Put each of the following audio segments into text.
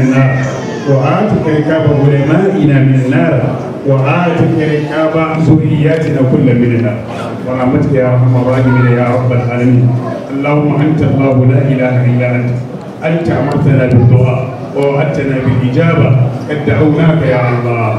النار وآتك ركاب علمائنا من النار وآتك ركاب ذرياتنا كل من النار ورحمتك يا أرحم الراحمين يا رب العالمين اللهم أنت الله لا إله إلا أنت أنت أمرتنا بالدعاء ووعدتنا بالإجابة قد دعوناك يا الله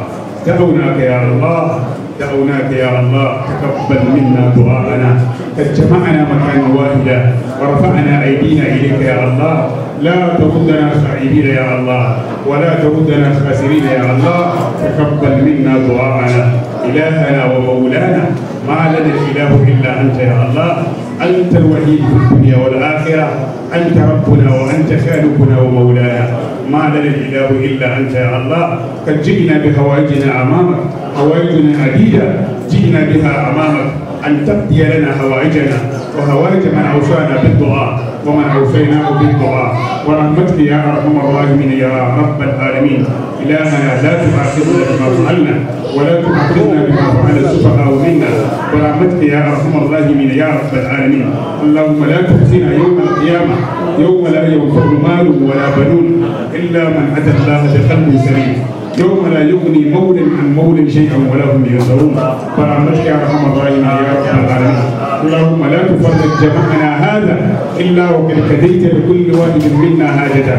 دعوناك يا الله دعوناك يا الله تقبل منا دعاءنا قد جمعنا مكانا واحدا ورفعنا أيدينا إليك يا الله لا تردنا خائبين يا الله ولا تردنا خاسرين يا الله تقبل منا دعاءنا إلهنا ومولانا ما لنا اله إلا أنت يا الله أنت الوحيد في الدنيا والآخرة أنت ربنا وأنت خالقنا ومولانا ما لنا اله إلا أنت يا الله قد جئنا بهوائجنا أمامك هوائجنا عديدة جئنا بها أمامك أن تقضي لنا حوائجنا وهوائج من أوصانا بالدعاء ومن أوفيناه بالقضاء ورحمتك يا أرحم الراحمين يا رب العالمين إلهنا لا تعاقبنا بما فعلنا ولا تعاقبنا بما فعل السفهاء منا ورحمتك يا أرحم الراحمين يا رب العالمين اللهم لا تخزنا يوم القيامة يوم لا ينفع مال ولا بنون إلا من أتى الله بقلب سليم يوم لا يغني مول عن مول شيئا ولا هم ينصرون فرحمتك يا ارحم الراحمين يا رب العالمين اللهم لا تفرق جمعنا هذا إلا وقد كديت لكل واحد منا حاجته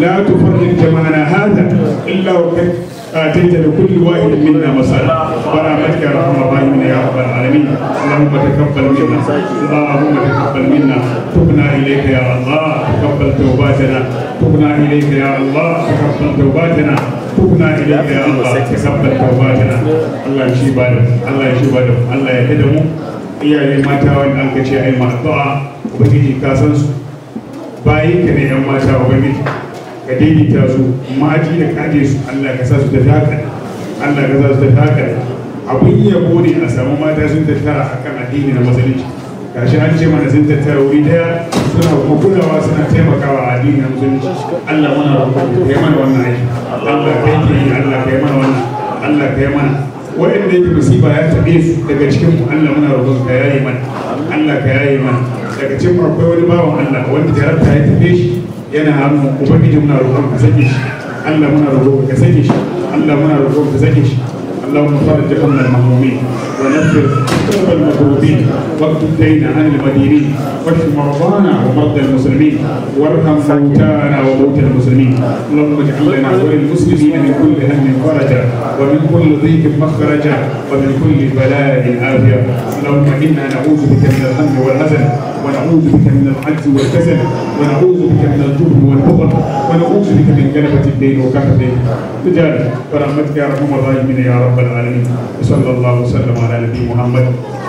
لا تفرق جمعنا هذا إلا وقد آتيت لكل واحد منا مسألة برحمتك يا رحمة الراحمين يا رب العالمين اللهم تقبل منا اللهم تقبل منا تبنا إليك يا الله تقبل توباتنا تبنا إليك يا الله تقبل توباتنا تبنا إليك يا الله تقبل توباتنا الله يشيب بالك الله يشيب بالك الله يهدمه iyaye mata wanda aka ce ai ma'addu'a ubangiji ka san su bayin ka ne yan mata ubangiji ka daidaita su ma'aji da kaje su Allah ka sa su ta taka Allah ka sa su ta taka abun iya ne a samu mata sun tattara kan addini na musulunci gashi an ce mana sun tattara wuri daya suna kuma kulawa suna taimakawa a addini na musulunci Allah muna roƙo ka yi mana wannan aiki Allah ka yi Allah ka yi mana wannan Allah ka yi mana wanda yake musiba ya taɓe su daga cikin mu Allah muna roƙon ka yayi mana Allah ka yayi mana daga cikin mu akwai wani bawan Allah wanda jarabta ya taɓe shi yana hannu ubangiji muna roƙon ka sake shi Allah muna roƙon ka sake shi Allah muna roƙon ka sake shi اللهم فرج هم المهمومين ونفر كرب المكروبين واكتب دين عن المدينين واشف مرضانا ومرضى المسلمين وارحم موتانا وموتى المسلمين اللهم اجعل لنا وللمسلمين من كل هم فرجا ومن كل ضيق مخرجا ومن كل بلاء عافيه اللهم انا نعوذ بك من الهم والحزن ونعوذ بك من العجز والكسل ونعوذ بك من الجبن والبخل ونعوذ بك من جلبة الدين الدين تجاري برحمتك يا رب الراحمين يا رب العالمين وصلى الله وسلم على نبي محمد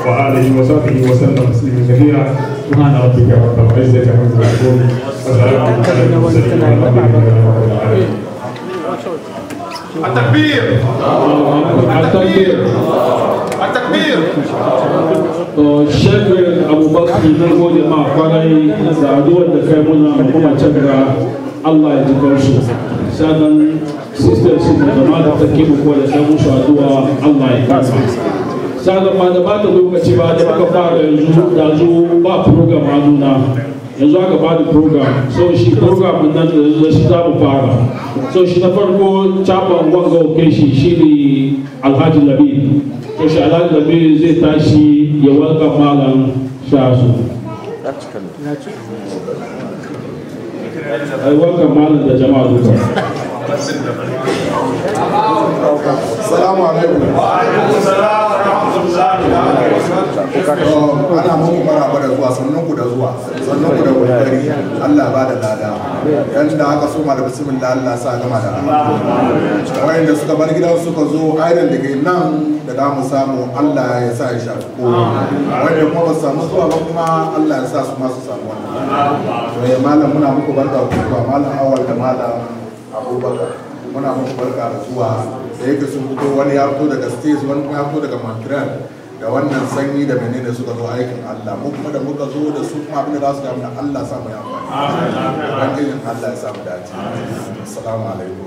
وآله وصحبه وسلم تسليما كثيرا سبحان ربك رب العزة عما يصفون وسلام على المرسلين رب العالمين التكبير التكبير Shek Abubakar na gode ma kwarai da addu'ar da kai muna mamacin da Allah ya ji kansu. Sannan sister su da da da musu Allah ya kasa. Sannan ma da ba ta lokaci ba da aka fara yanzu da zo ba program a nuna. yanzu aka ba da program so shi program nan da shi za mu fara so shi na farko caban wanga oke shi shi ne alhaji labi to shi alhaji labi zai tashi ya wanka malam shasu ai wanka malam da jama'a duka Salamu alaikum. Oh, ana muku maraba da zuwa, sannan ku da zuwa, sannan ku da kokari, Allah ba da lada. da aka soma da bismillah Allah sa gama da Wayan da suka bar gidan suka zo aidan da ke nan da za mu samu Allah ya sa ya shafi ko. Wanda kuma ba samu zuwa ba kuma Allah ya sa su ma su samu wannan. To ya eh, malam muna muku barka ku ba malam awal da malam abubakar muna muku barka da zuwa da yake sun fito wani ya fito daga stage wani ya fito daga montreal da wannan sanyi da menene suka zo aikin allah mu kuma da muka zo da su kuma abin da za su damu da allah sa mu yafa ubangijin allah ya sa mu dace assalamu alaikum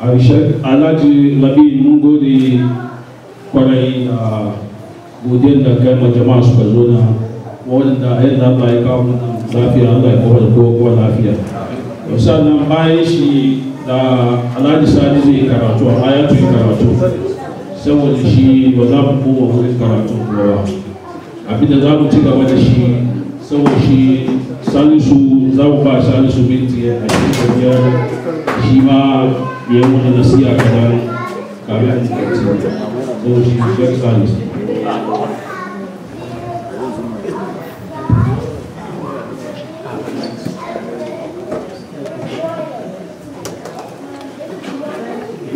Aisha Alhaji Labi mun gode kwarai da godiyar da kai ma jama'a suka zo na wanda yadda ba ya kawo mana lafiya Allah ya kawo da kowa lafiya sannan bayan shi da alhaji sani zai karatu a ayatu ya karatu saboda shi ba za mu koma wurin karatu kowa abinda za mu ci gaba da shi saboda shi salisu za mu ba salisu minti a cikin biyar shi ma ya yi wani nasiya kadan kafin a cikin saboda shi ya salisu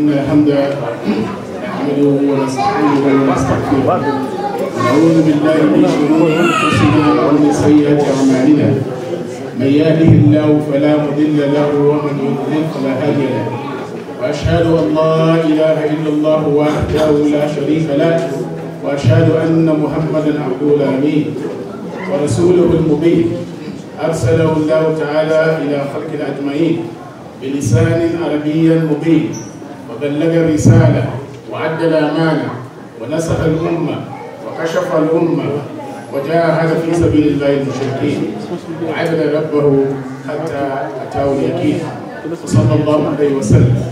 إن الحمد نحمده ونستعينه ونستغفره ونعوذ بالله من شرور أنفسنا ومن سيئات أعمالنا من يهده الله فلا مضل له ومن يضلل فلا هادي له وأشهد أن لا إله إلا الله وحده لا شريك له وأشهد أن محمدا عبده الأمين ورسوله المبين أرسله الله تعالى إلى خلق الأجمعين بلسان عربي مبين وبلغ الرسالة وعدل امانه ونسخ الأمة وكشف الأمة وجاهد في سبيل الله المشركين وعبد ربه حتى أتاه اليقين وصلى الله عليه وسلم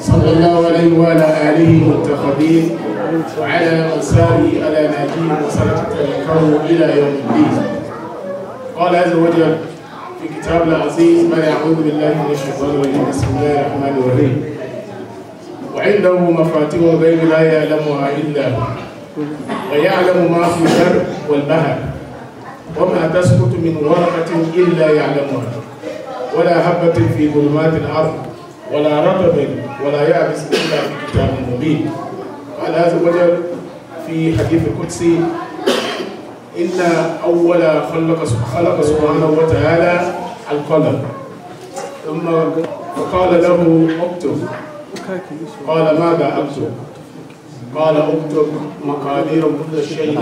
صلى الله عليه وعلى آله والتخذين وعلى أنصاره على ناجيه وسلك إلى يوم الدين قال عز وجل في كتاب العزيز ما يعوذ بالله من الشيطان الرجيم بسم الله الرحمن الرحيم وعنده مفاتيح الغيب لا يعلمها إلا هو ويعلم ما في البر والبحر وما تسقط من ورقة إلا يعلمها ولا هبة في ظلمات الأرض ولا رطب ولا يابس إلا في كتاب مبين قال عز وجل في حديث القدسي إن أول خلق خلق سبحانه وتعالى القلم ثم فقال له اكتب قال ماذا أكتب؟ قال اكتب مقادير كل شيء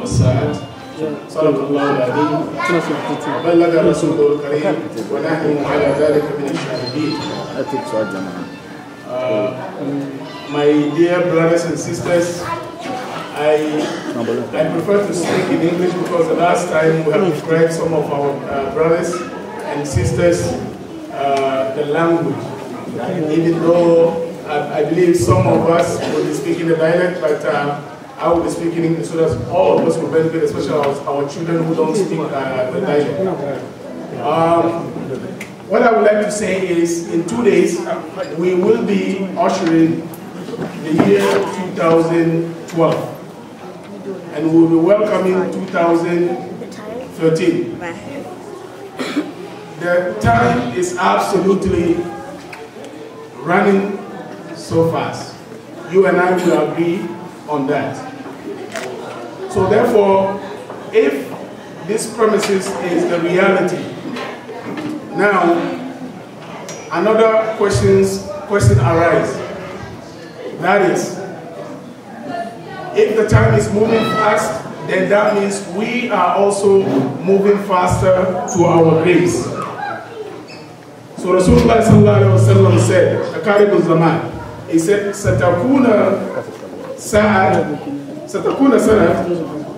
والساعات الله بلغ الرسول الكريم ونحن على ذلك من الشاهدين. Uh, my dear brothers and sisters, I, I prefer to speak in English because the last time we have described some of our uh, brothers and sisters uh, the language. Uh, even though I, I, believe some of us will be speaking the dialect, but uh, I will be speaking English so that all of us will benefit, especially our, our children who don't speak uh, the dialect. Um, what I would like to say is, in two days, we will be ushering the year 2012. And we will be welcoming 2013. The time is absolutely running so fast. You and I will agree on that. So therefore, if this premises is the reality, now another questions, question arises. That is, if the time is moving fast, then that means we are also moving faster to our graves. So Rasulullah sallallahu said, Akarib al-Zaman, he said, Satakuna sa'ad, Satakuna sa'ad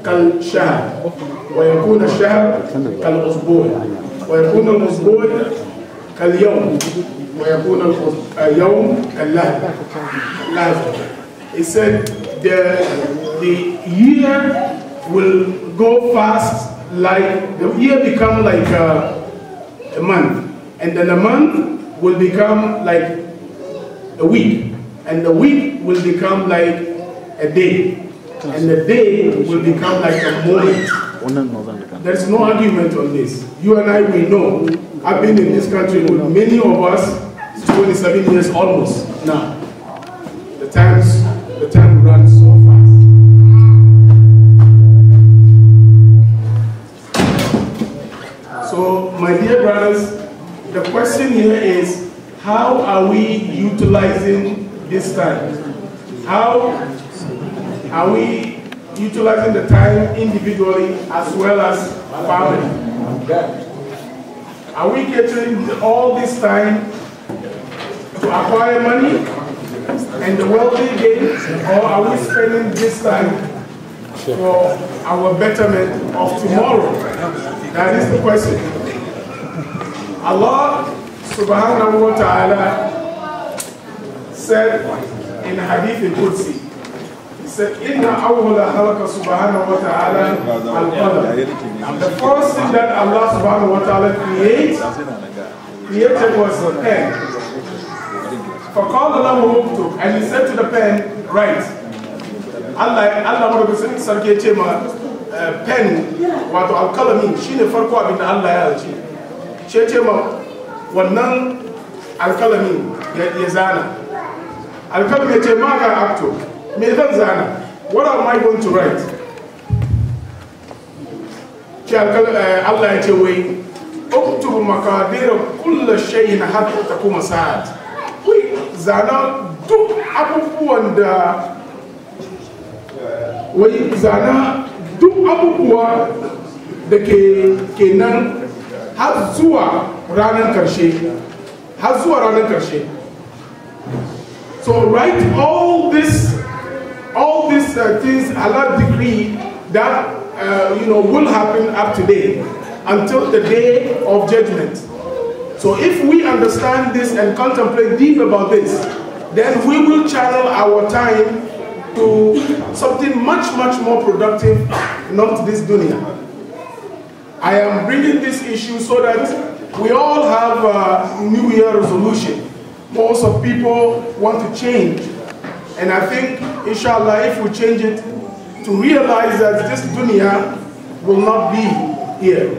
kal shahar, wa yakuna shahar kal usbu'ah, wa yakuna al-usbu'ah كاليوم ويكون اليوم اللهب اللهب He said the, the year will go fast like the year become like a, a month and then a month will become like a week. And the week will become like a day. And the day will become like a moment. There's no argument on this. You and I, we know. I've been in this country with many of us, 27 years almost now. The times, the time runs so fast. So, my dear brothers, the question here is, how are we utilizing this time? How are we utilizing the time individually as well as family? Are we catering all this time to acquire money and the wealthy gain, or are we spending this time for our betterment of tomorrow? That is the question. Allah subhanahu wa ta'ala said in Hadith in qudsi He said, Inna awwala halaka subhanahu wa ta'ala al And the first thing that Allah subhanahu wa ta'ala created, created was a pen. فقال له اكتب and he said to the pen write Allah Allah madaukakin sarki ya ce ma eh, pen wato She shine farko abin da Allah ya halicce shi ce ma wannan alkalami ya zana alkalami ya ce ma ga acto me zan zana what am i going to write alkalami eh, allah ya ce wai اكتب مقادير كل شيء حتى تقوم ساعات وي zana duk abubuwan da wai zana duk abubuwa da ke kenan har zuwa ranar karshe har zuwa ranar karshe so write all this all these uh, things Allah decree that uh, you know will happen up to day until the day of judgment so if we understand this and contemplate deep about this then we will channel our time to something much much more productive not this dunya I am bringing this issue so that we all have a New Year resolution. Most of people want to change. And I think, inshallah, if we change it, to realize that this dunya will not be here,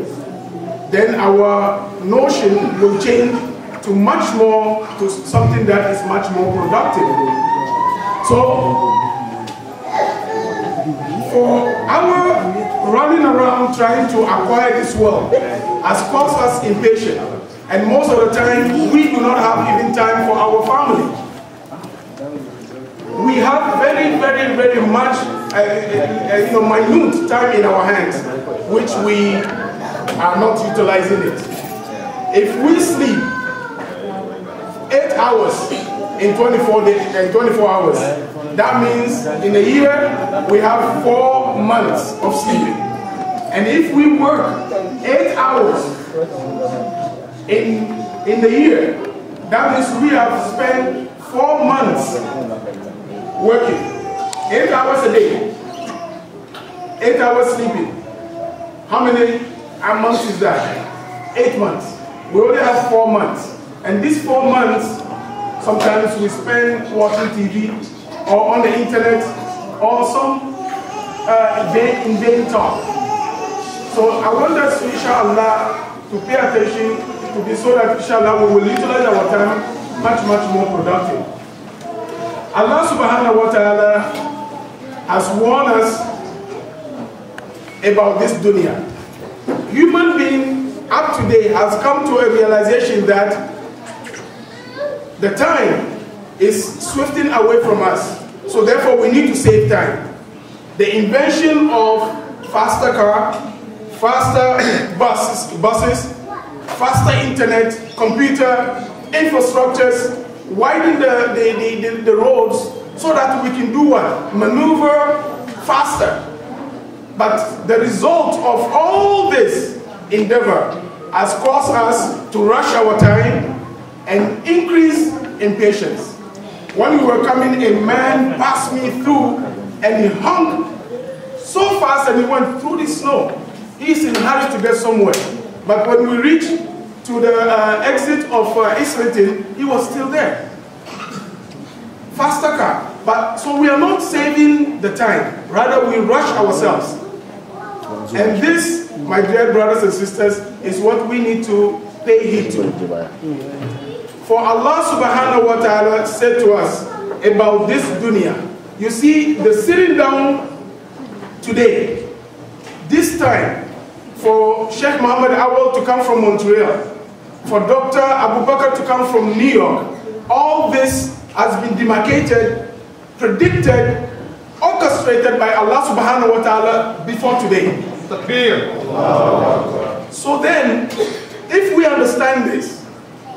then our notion will change to much more, to something that is much more productive. So for our running around trying to acquire this world has caused us impatient. And most of the time, we do not have even time for our family we have very, very, very much, uh, uh, uh you know, minute time in our hands, which we are not utilizing it. If we sleep eight hours in 24 days, uh, 24 hours, that means in a year, we have four months of sleeping. And if we work eight hours in, in the year, that means we have spent four months working. Eight hours a day. Eight hours sleeping. How many months is that? Eight months. We only have four months. And these four months, sometimes we spend watching TV, or on the internet or some uh, talk. So I want us, to, inshallah, to pay attention to this so that, inshallah, we will utilize our time much, much more productive. Allah subhanahu wa ta'ala has warned us about this dunya. Human being up today has come to a realization that the time is swifting away from us. So therefore, we need to save time. The invention of faster car, faster buses, buses, faster internet, computer, infrastructures, widen the, the, the, the, roads so that we can do what? Maneuver faster. But the result of all this endeavor has caused us to rush our time and increase impatience. When we were coming, a man passed me through and he hung so fast and he went through the snow. He's in a hurry to get somewhere. But when we reached to the uh, exit of uh, Islington, he was still there. Faster car. But, so we are not saving the time. Rather, we rush ourselves. And this, my dear brothers and sisters, is what we need to pay heed to. For Allah subhanahu wa ta'ala said to us about this dunya, you see, the sitting down today, this time, for Sheikh Mohammed Awal to come from Montreal, for Dr. Abu Bakr to come from New York, all this has been demarcated, predicted, orchestrated by Allah subhanahu wa ta'ala before today. So then, if we understand this,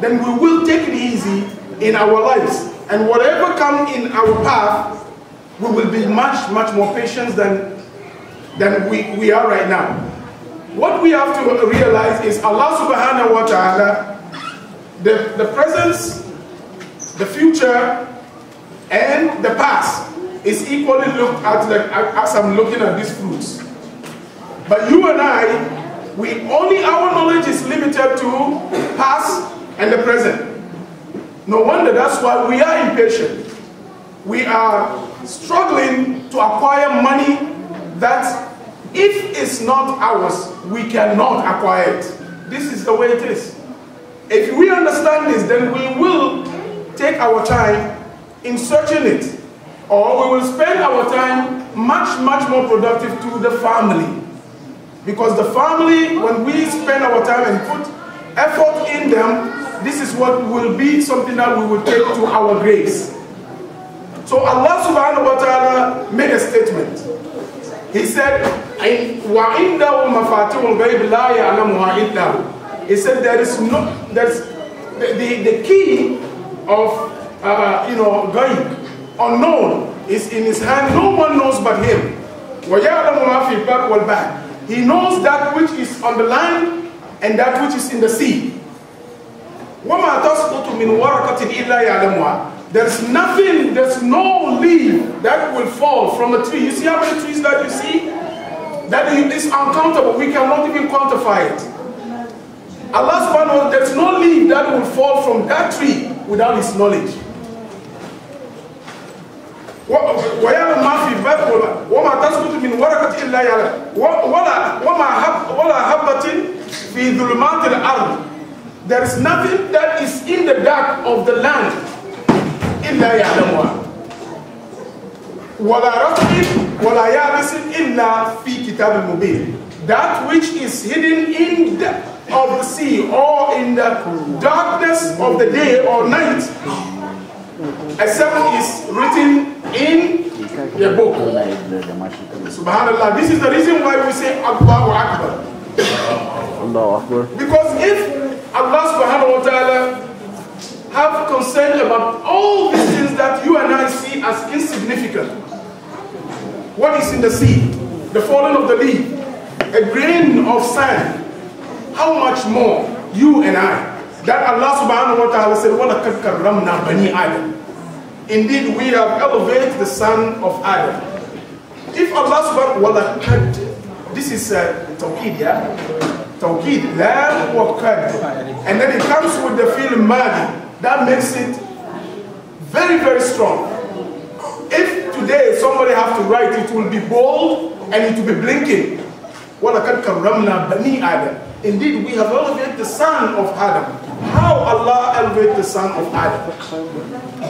then we will take it easy in our lives. And whatever comes in our path, we will be much, much more patient than, than we, we are right now. What we have to realize is Allah subhanahu wa ta'ala, the, the presence, the future, and the past is equally looked at like, as I'm looking at these fruits. But you and I, we only, our knowledge is limited to past and the present. No wonder that's why we are impatient. We are struggling to acquire money that, if it's not ours, we cannot acquire it. This is the way it is. If we understand this, then we will take our time in searching it. Or we will spend our time much, much more productive to the family. Because the family, when we spend our time and put effort in them, this is what will be something that we will take to our graves. So Allah subhanahu wa ta'ala made a statement. He said, وَعِنْدَهُ مَفَاتِحُ الْغَيْبِ لَا يَعْلَمُهَا إِلَّا He said there is no, there's the, the, the key of, uh, you know, غَيْب, unknown, is in his hand. No one knows but him. وَيَعْلَمُ مَا فِي الْبَرْ وَالْبَحْرِ He knows that which is on the land and that which is in the sea. وَمَا تَسْقُطُ مِنْ وَرَقَةٍ إِلَّا يَعْلَمُهَا There's nothing, there's no leaf that will fall from a tree. You see how many trees that you see? That is uncountable. We cannot even quantify it. Allah subhanahu wa there's no leaf that will fall from that tree without his knowledge. ويعلم ما في باب what تسقط what ورقة إلا يعلم ولا وما ولا حبة في ظلمات الأرض there is nothing that is in the dark of the land in the ولا That which is hidden in the, of the sea or in the darkness of the day or night except is written in the book. Subhanallah. This is the reason why we say Akbar. Allahu Akbar. Because if Allah subhanahu wa ta'ala have concern about all these things that you and I see as insignificant. What is in the sea? The falling of the leaf, a grain of sand. How much more you and I? That Allah subhanahu wa ta'ala said, وَلَقَدْ كَرَّمْنَا بَنِي آدَمَ Indeed, we have elevated the son of Adam. If Allah subhanahu wa ta'ala, this is uh, Tawqid, yeah? توكيد لام وقد and then it comes with the feeling ماضي that makes it very very strong if today somebody have to write it will be bold and it will be blinking ولقد كرمنا بني آدم indeed we have elevated the son of Adam how Allah elevate the son of Adam?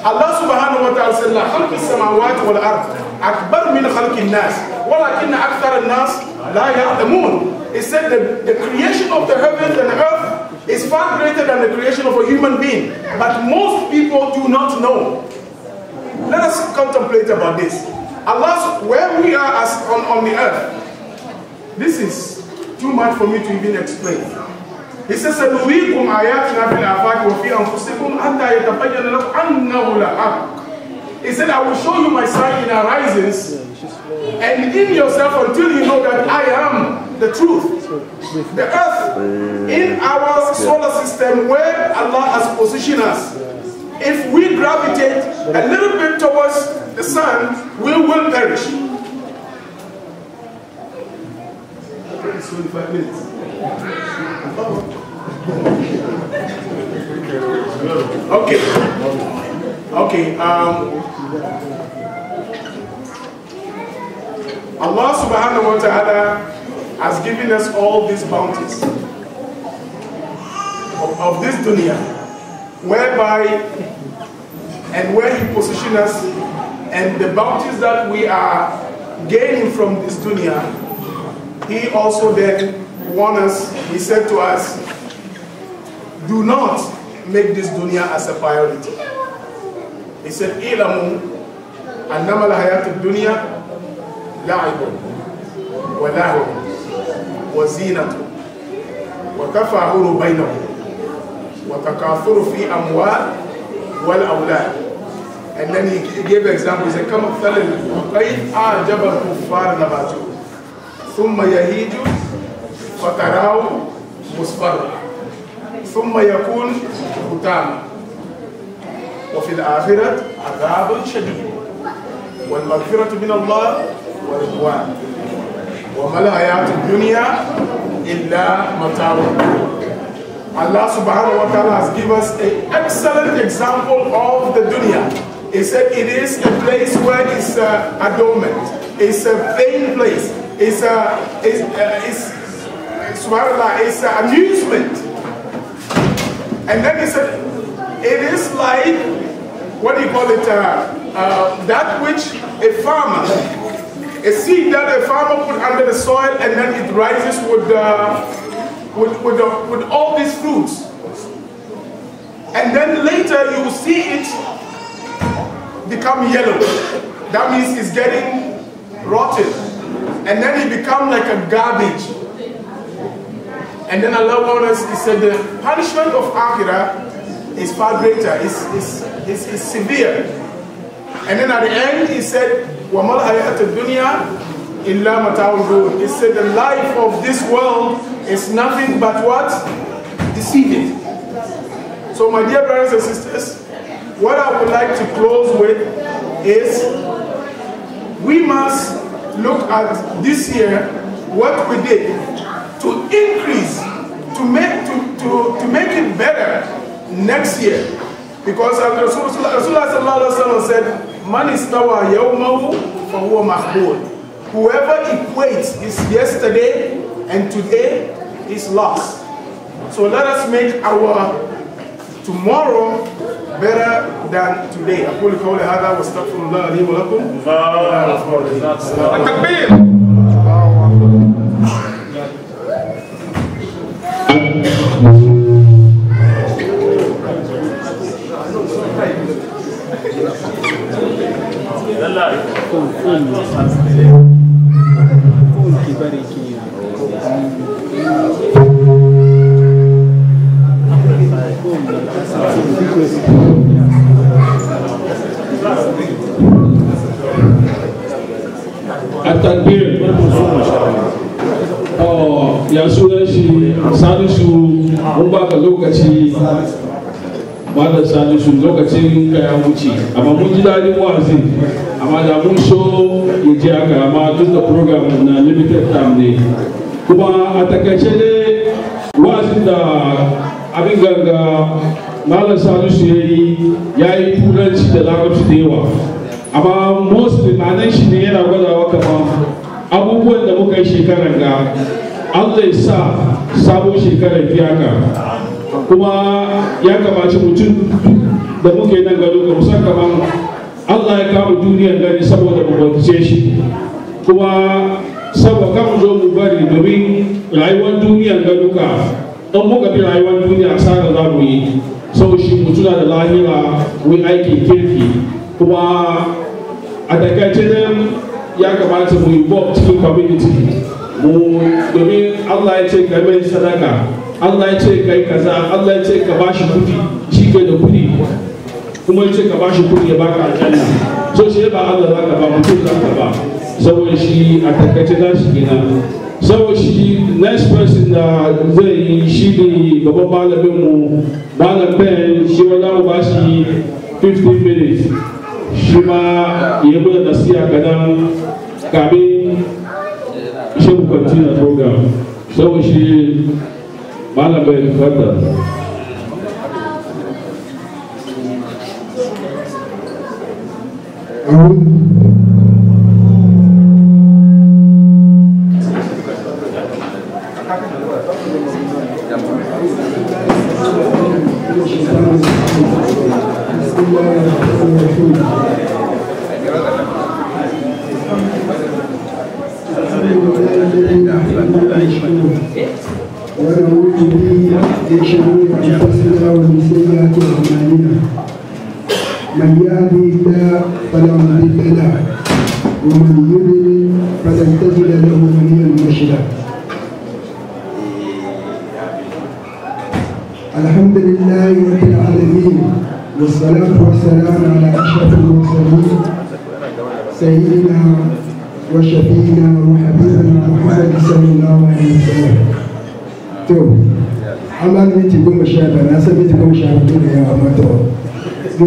Allah subhanahu wa ta'ala said, خلق السماوات والأرض أكبر من خلق الناس ولكن أكثر الناس لا يعلمون. He said that the creation of the heavens and earth is far greater than the creation of a human being. But most people do not know. Let us contemplate about this. Allah, where we are as on, on the earth, this is too much for me to even explain. He says, سنريكم آياتنا في الآفاق وفي أنفسكم حتى يتبين لكم أنه الحق. He said, I will show you my sign in our risings and in yourself until you know that I am the truth. The earth in our solar system where Allah has positioned us. If we gravitate a little bit towards the sun, we will perish. 25 minutes. Okay. Okay. Um, Allah subhanahu wa ta'ala has given us all these bounties of, of this dunya, whereby and where He positioned us, and the bounties that we are gaining from this dunya, He also then warned us, he said to us, do not make this dunya as a priority. He said, ilamu annama al-hayat dunya la'ibun wa lahu wa zinatu wa tafahuru bainahum wa takathuru fi amwal wal awlad. And then he gave examples. He said, "Come, tell كَمَثَلِ الْقَيْدْ أَعْجَبَ kufar نَبَاتُهُ ثُمَّ يَهِيجُ فتراه مصفرا ثم يكون ختاما وفي الآخرة عذاب شديد والمغفرة من الله ورضوان وما الحياة الدنيا إلا متاع Allah subhanahu wa ta'ala has given us an excellent example of the dunya. He said it is a place where it's uh, adornment. It's a vain place. It's, a, it's, uh, it's subhanAllah, it's an amusement. And then he said, it is like, what do you call it, uh, uh, that which a farmer, a seed that a farmer put under the soil and then it rises with, uh, with, with, uh, with all these fruits. And then later you will see it become yellow. That means it's getting rotten. And then it becomes like a garbage. And then Allah warned us, He said, the punishment of Akhirah is far greater, is, is, is, is severe. And then at the end, He said, وَمَا الْحَيَاةُ الدُّنْيَا إِلَّا مَتَاعُ He said, the life of this world is nothing but what? Deceiving. So my dear brothers and sisters, what I would like to close with is we must look at this year what we did to increase, to make, to, to, to make it better next year. Because Rasulullah, Allah said, Man istawa yawmahu fahuwa mahmoud. Whoever equates his yesterday and today is lost. So let us make our tomorrow better than today. أقول قولي هذا واستغفر الله لي ولكم. الله أكبر. Attakbir, oh, ya sunan shi salisu mun baka lokaci malam salisu lokacin ka ya wuce amma mun ji daɗin wa'azin amma da mun so ya ji haka amma duk da program na limited time ne kuma a takaice ne wa'azin da abin ganga malam salisu ya yi ya yi turanci da larabci da yawa amma mostly ma'anar shi ne yana gwadawa kama abubuwan da muka yi shekarar ga allah ya sa sabon shekarar fiyaka kuma ya kamaci mutum da muke nan gado ga musan kaman allah ya kama duniyar gani saboda bambancin shi kuma saboda kan zo mu bari domin rayuwar duniyar ga duka don muka bi rayuwar duniya a asara za mu yi sau shi mu tuna da lahira wai aiki kirki kuma a takaice ya kamata mu yi bob cikin community domin Allah ya ce ka mai sadaka Allah ya ce kai kaza Allah ya ce ka bashi kudi shi kai da kudi kuma ya ce ka bashi kudi ya baka aljanna so shi ba Allah za ka ba mutum za ka ba saboda shi a takaice za shi gina saboda shi next person da zai yi shi ne gaban malamin mu malam ben shi ma za mu ba shi 15 minutes shi ma ya bude nasiya kadan kamin shehu continue program sau shi malamai bai fata أعوذ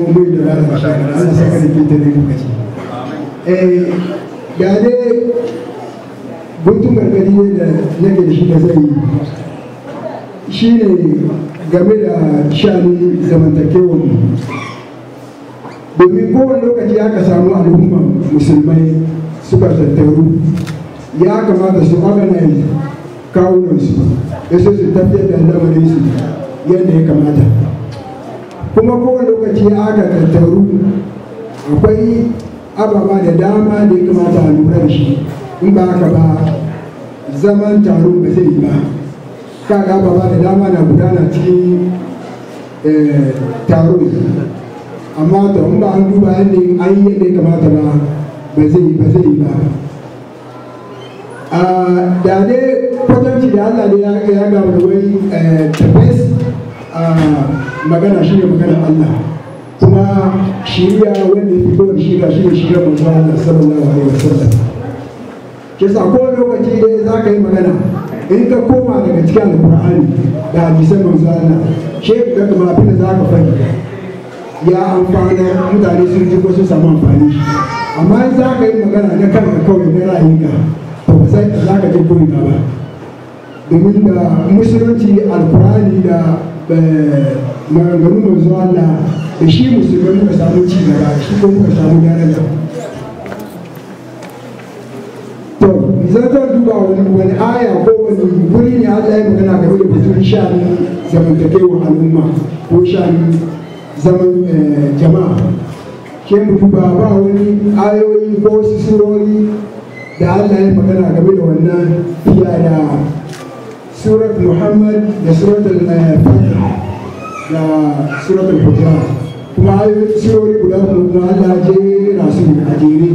ko bai da rana da kinta ne kuka ce eh da nake shi ne game da shani zamantakewar domin kowane lokaci aka samu al'umma musulmai suka tattaru ya kamata su organize ya da su tafiyar da lamarinsu yadda ya kamata kuma kowane lokaci aka tattaru akwai ababa da dama da ya kamata a lura da shi in ba haka ba zaman taro ba zai ba kaga ababa da dama na gudana cikin eh, taro amma to in ba an duba yadda an yi yadda ya kamata ba ba zai ba zai ba a ah, da ne kwatanci da Allah ne ya ga wani wai the best Ah, magana shi ne magana Allah kuma shirya wanda ya fi kowane shirya shi ne shirya manzo Allah sallallahu alaihi wasallam ke sa ko lokaci da za ka yi magana in ka koma daga cikin alkur'ani da hadisan manzo Allah she ka ga abin da za ka ya amfana mutane sun ji ko sun samu amfani amma in za ka yi magana na kanka kawai na ra'ayinka to ba sai za ka je ba domin da musulunci alkur'ani da Eh, maganganu manzo Allah da shi musulmai muka samu ci gaba shi ko muka samu daraja to zan zan duba wani wani aya ko wani wuri ne Allah ya magana game da batun sha'anin zamantakewa al'umma ko sha'anin zaman eh, jama'a ke mu duba ba wani ayoyi ko wasu surori da Allah ya magana game da wannan fiya da سورة محمد لسورة سورة لسورة ده سورة الحجرات سورة بلا مبنى الله جير رسول أجيري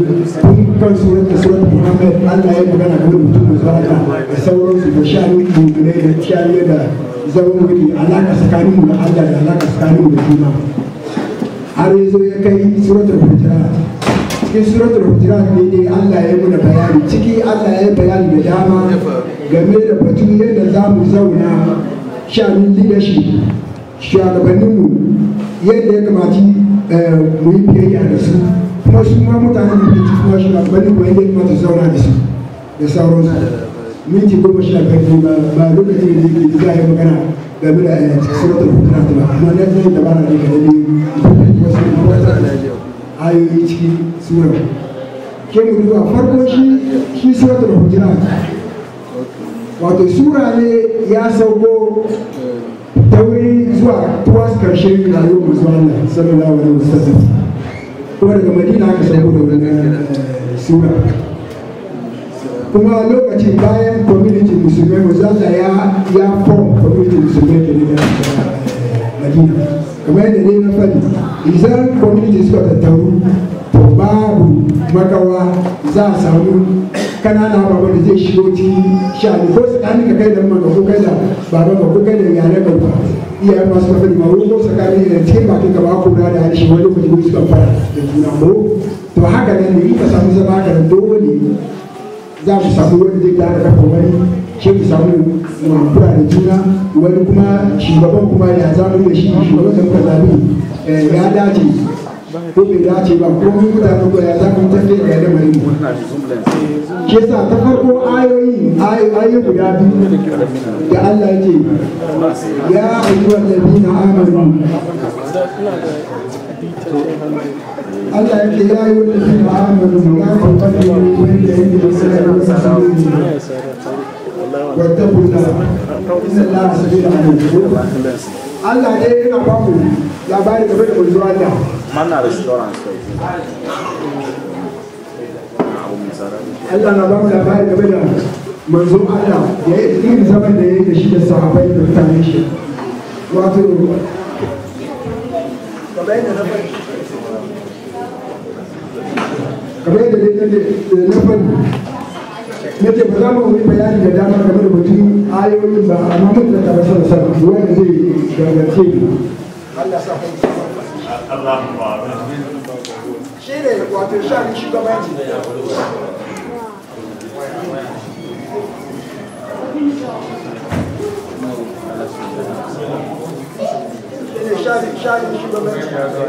كان سورة سورة محمد الله يبقى نقول مطلوب زرقا سورة من ويجي شان يدا زون ويجي علاقة سكاني من الله علاقة سكاني من الدماء عريزو يكي سورة الحجرات cikin suratul hujurat ne dai Allah ya muna bayani ciki Allah ya bayani da dama game da batun yadda za mu zauna shanun leadership shugabanninmu yadda ya kamaci eh, mu yi biyayya da su kuma su ma mutanen da ke cikin shugabannin mu yadda ya kamata zauna da su da sauran sauransu minti goma sha biyu ba lokacin da yake za zai magana game da eh, suratul hujurat ba amma na zai dabara ne ga dai wasu ayoyi cikin suwar ke mu duba farko shi shi suratul hujurat wato sura ne ya sauko ta wuri zuwa tuwas karshen rayuwar masu Allah sallallahu alaihi wasallam kuma daga madina aka sauko da wannan eh, sura kuma lokacin bayan community musulmai mu ya ya form community musulmai da eh, madina kamar yadda ne na faɗi isan community suka tattaru to babu makawa za a samu kanana baba da zai shigo ciki shani ko kani ka kai da maka ko kai da baba ka ko kai da yare ka ba iyayen masu kafin ma wani ko kani da cikin ba ka ba ko da shi wani lokaci su suka fara da juna ko to haka nan ne in ka samu zama haka dole za mu samu wani zai da kafa wani shi mu samu kura da juna wani kuma shugaban kuma ya zamu da shi shugaban da muka zabi eh, ya dace ko bai dace ba ko mun mutane ko ya zamu tafi da yadda mai mu ke sa ta farko ayoyi ayoyi guda biyu da Allah yake ya ayyuhal ladina amanu Allah ya ce ya yi wani shi ma'amalu ya kwamfani wani da yake da sanar da sanar واتقوا النار Allah yana ba mu labari da Allah na ba mu labari game da manzo Allah ya yi zaman da ya yi da shi da sahabai da mutane shi wato kamar yadda na faɗi na ce ba za mu yi bayani da dama game da batun ayoyin ba amma mun da tare da sanar wanda zai gangance Allah sa ku Allahumma amin shi ne wato shani shugabanci Ele já, já, já,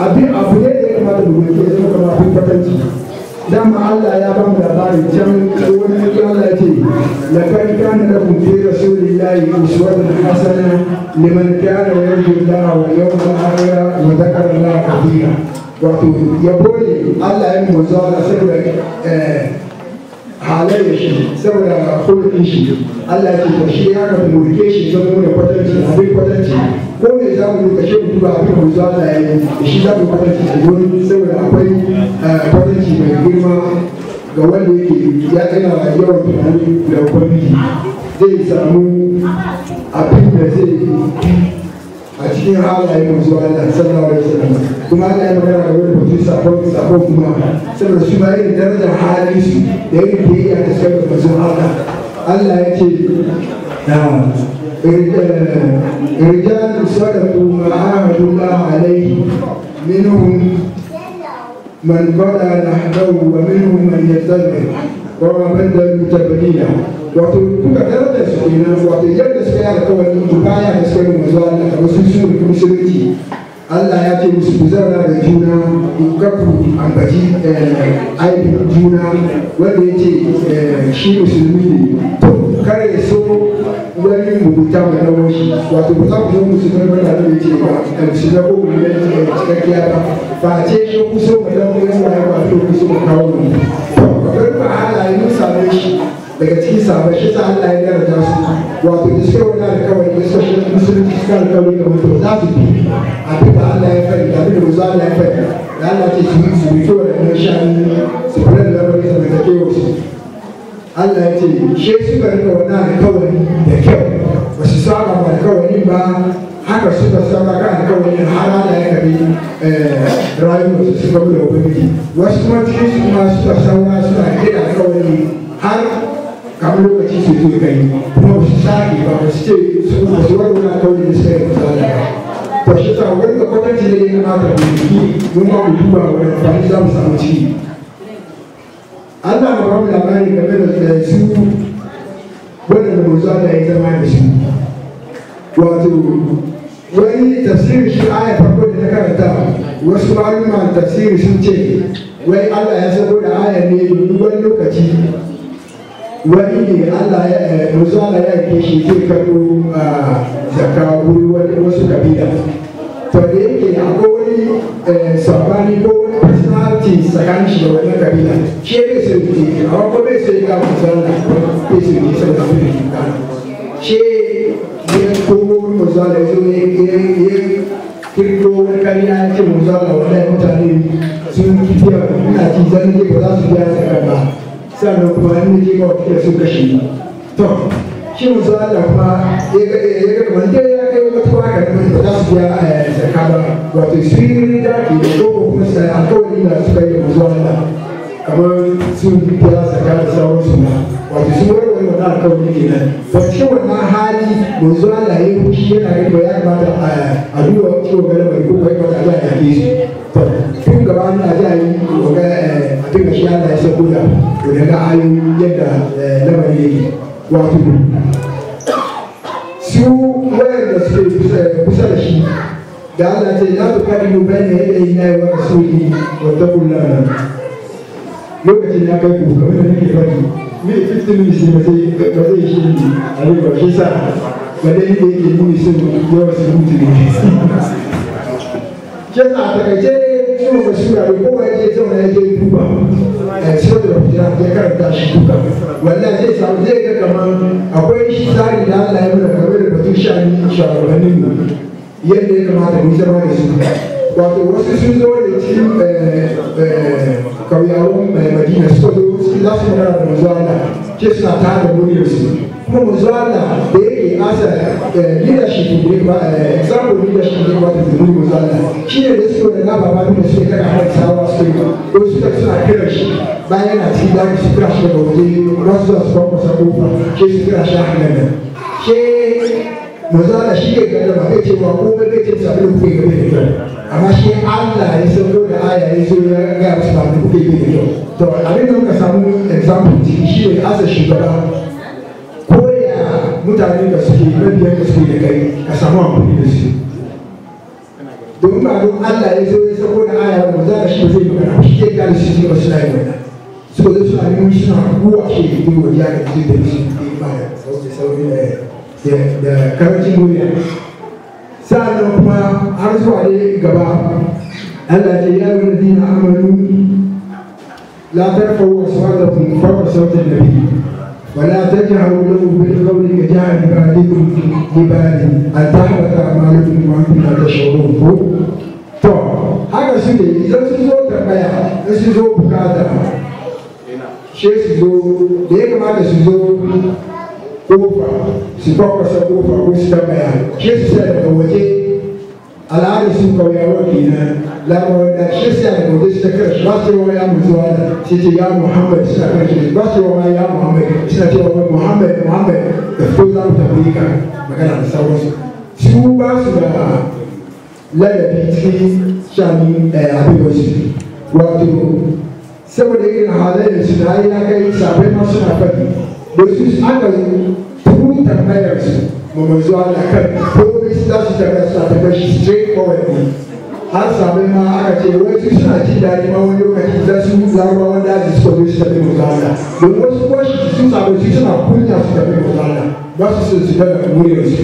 abin abu ne da ya kamata mu yi ya zama kamar abin kwatanci dama Allah ya ba mu labari can wani mutum Allah ya ce laqad kana lakum fi rasulillahi uswatun hasana liman kana yarju Allah wal yawmal akhir wa dhakara Allah kathira wato yabo ne Allah ya mu manzo Allah saboda eh, halayyar shi saboda hulɗin shi Allah ya ce shi ya rabu mulke shi zama mu da kwatanci abin kwatanci ko me za mu yi kashe mutu ba abin da zuwa da da shi za mu kwatanci a gurin saboda akwai kwatanci eh, mai girma ga wanda yake ya yana yawan tunani da ubangiji zai samu abin da zai a cikin halaye masu zuwa da sallallahu alaihi wasallam kuma ana yi magana da wani mutum sabon sabon kuma saboda su ma irin darajar halin su da yin biyayya da suka ga Allah Allah ya ce na. رجال صدقوا ما عاهدوا الله عليه منهم من بدا نحبه ومنهم من يتبع وبدا تبنيا وتجلس في هذا الكون تبايع السلم وزاد وسلسل في مسلمتي Allah ya ce musu ku zarra da juna in kafu ambaci eh, aibin juna wanda ya ce eh, shi musulmi ne to kare so wani mugunta mai ɗaukar shi wato ba za ku zo musulmi ba da ya ce ba a musulmi ko mu yi cikakkiya ba ba ce shi kuso mai ɗaukar wani ku so mai kawo mu. yi shi daga cikin sahabbai shi sa Allah ya daraja su wato da suka wani kawai da suka shi musulunci suka kawai da mutum za su bi abin da Allah ya faɗi abin da manzo Allah ya faɗi da Allah ce su yi su bi kyau da nan sha'ani su fara da wani zamantakewa su Allah ya ce shi suka rika wani alkawari da kyau ba su saba ba alkawari ba haka su ka saba kawai alkawari har Allah ya karbi eh, rayuwar su suka kula ubangiji wasu kuma cikin su ma suka saura suna gida alkawari har kamar lokaci su zo gani kuma ba su sake ba ba su ce su ba su wani na kawai da suka yi misali ba ba shi sa wani ga gwamnati ne ya kamata mu yi mun ba ku duba wani ni za mu samu ci. Allah ba mu labari game da su waɗanda mu zo Allah ya zama da su wato wani tafsirin shi aya farko da ta karanta wasu malama tafsiri sun ce wai Allah ya sabo da aya ne duk wani lokaci wani ne Allah ya eh, musu Allah ya ke shi zai karɓo ah, zakka wuri wasu kabila to da yake akwai wani eh, sabani ko wani personality tsakanin shi da wani kabila shi ya sai kuɗi amma ko bai sai ka musu Allah bai sai ki sai ka musu Allah shi ya komo musu Allah ya ya kirko wani kabila ya ce musu Allah wannan mutane sun kiyar ina ci zan ba za su biya zakka ba sannan kuma in ji mawafiya sun kashe ni to shi musu Allah kuma ya ga kamar dai ya kai wata waka da mutum za su biya eh, zakka ba wato sirri da ke ko kuma sai alkawari da suka yi musu Allah kamar su kuwa saka da sauran su na wato su wani wani wannan wani ke nan ba cikin wannan hali yanzu Allah ya yi shi yana yi ba ya kamata a duba ciwon gari mai kuma ya wata a ji a yake su tun gaba an a ji a yi waga eh, a tun da shi Allah ya sai kuda to daga ayoyi yadda eh, lamarin yake wato su wayar da suke kusa da shi da Allah ce la tukadilu bayna yadayhi wa rasulihi wa taqullaha lokacin ya kai ku kamar da nake faɗi me 15 minutes ne ba zai ba zai shi ne a yau ba shi sa ba dai da yake muni sun yawa su mutu ne shi sa a takaice su ba su rabu kowa ya je zauna ya je duba a cikin da fitira ya karanta shi duka wannan zai samu zai ga kamar akwai shi tsari da Allah ya mana kamar da batun sha'ani shugabannin mu yadda ya kamata mu zama da su wato wasu sun zo eti kawiyawo madina suka zo wuce za su magana da muzuwana ke suna ta da muryarsu kuma muzuwana da yake asa leadership ne ba example leadership ne ba da zuri muzuwana shi ne da suka da gaba ba da suke kada har sawa su yi ko suka suna kira shi bayan na ci da su kira shi da waje wasu su kwamfasa kofa ke su kira shi a hannun nan manzo Allah shi ke gane ba kai ce ba ko ba kai ce sabu ku ke gane da amma shi Allah ya sauko da aya ya zo ya ga su ba ku ke gane to abin da muka samu example ciki shi ne asa shugaba ko ya mutane da suke mabiyan da suke da kai ka samu amfani da su domin ba don Allah ya zo ya sauko da aya ba za shi zai yi magana shi ke gane shi ne ba su layi wannan so da su a yi suna ruwa shi ne wajen da zai da shi ne ba da sauki sauki da da da karancin duniya sa'annan kuma har zuwa ne gaba Allah ce ya yi dina amanu la tarfa'u aswatakum fawqa sawti an-nabi wa la tajharu lahu bil qawli ka jahri ba'dikum li ba'd an tahbata amalukum wa antum la tashurun ko to haka su ne idan sun zo tambaya in sun zo bukata shi su zo da ya kamata su zo kufa sitokasa kufa kusitamaya kristiyanikoje alali sinkawiyawakina lamoda kristiyanikoje sitakirasi basiwoma ya mutwala siti ya muhammad sitakirasi basiwoma ya muhammad sinatiwoma muhammad muhammad efutozamutakulika magana nasawusu siwubasuba ladabi cikin shani abiyosi wato saboda irin halayen su da ya kai sabai masu na faɗi da su aka yi tambayar su ma manzo Allah kan ko kai za su tambaya su ta bashi straight forward ne har samun ma aka ce wasu suna ji daɗi ma wani lokaci za su larabawan daji suka zo su tafi manzo Allah don wasu kwashi su sabai su suna kunya su tafi manzo Allah ba su so su daga muryarsu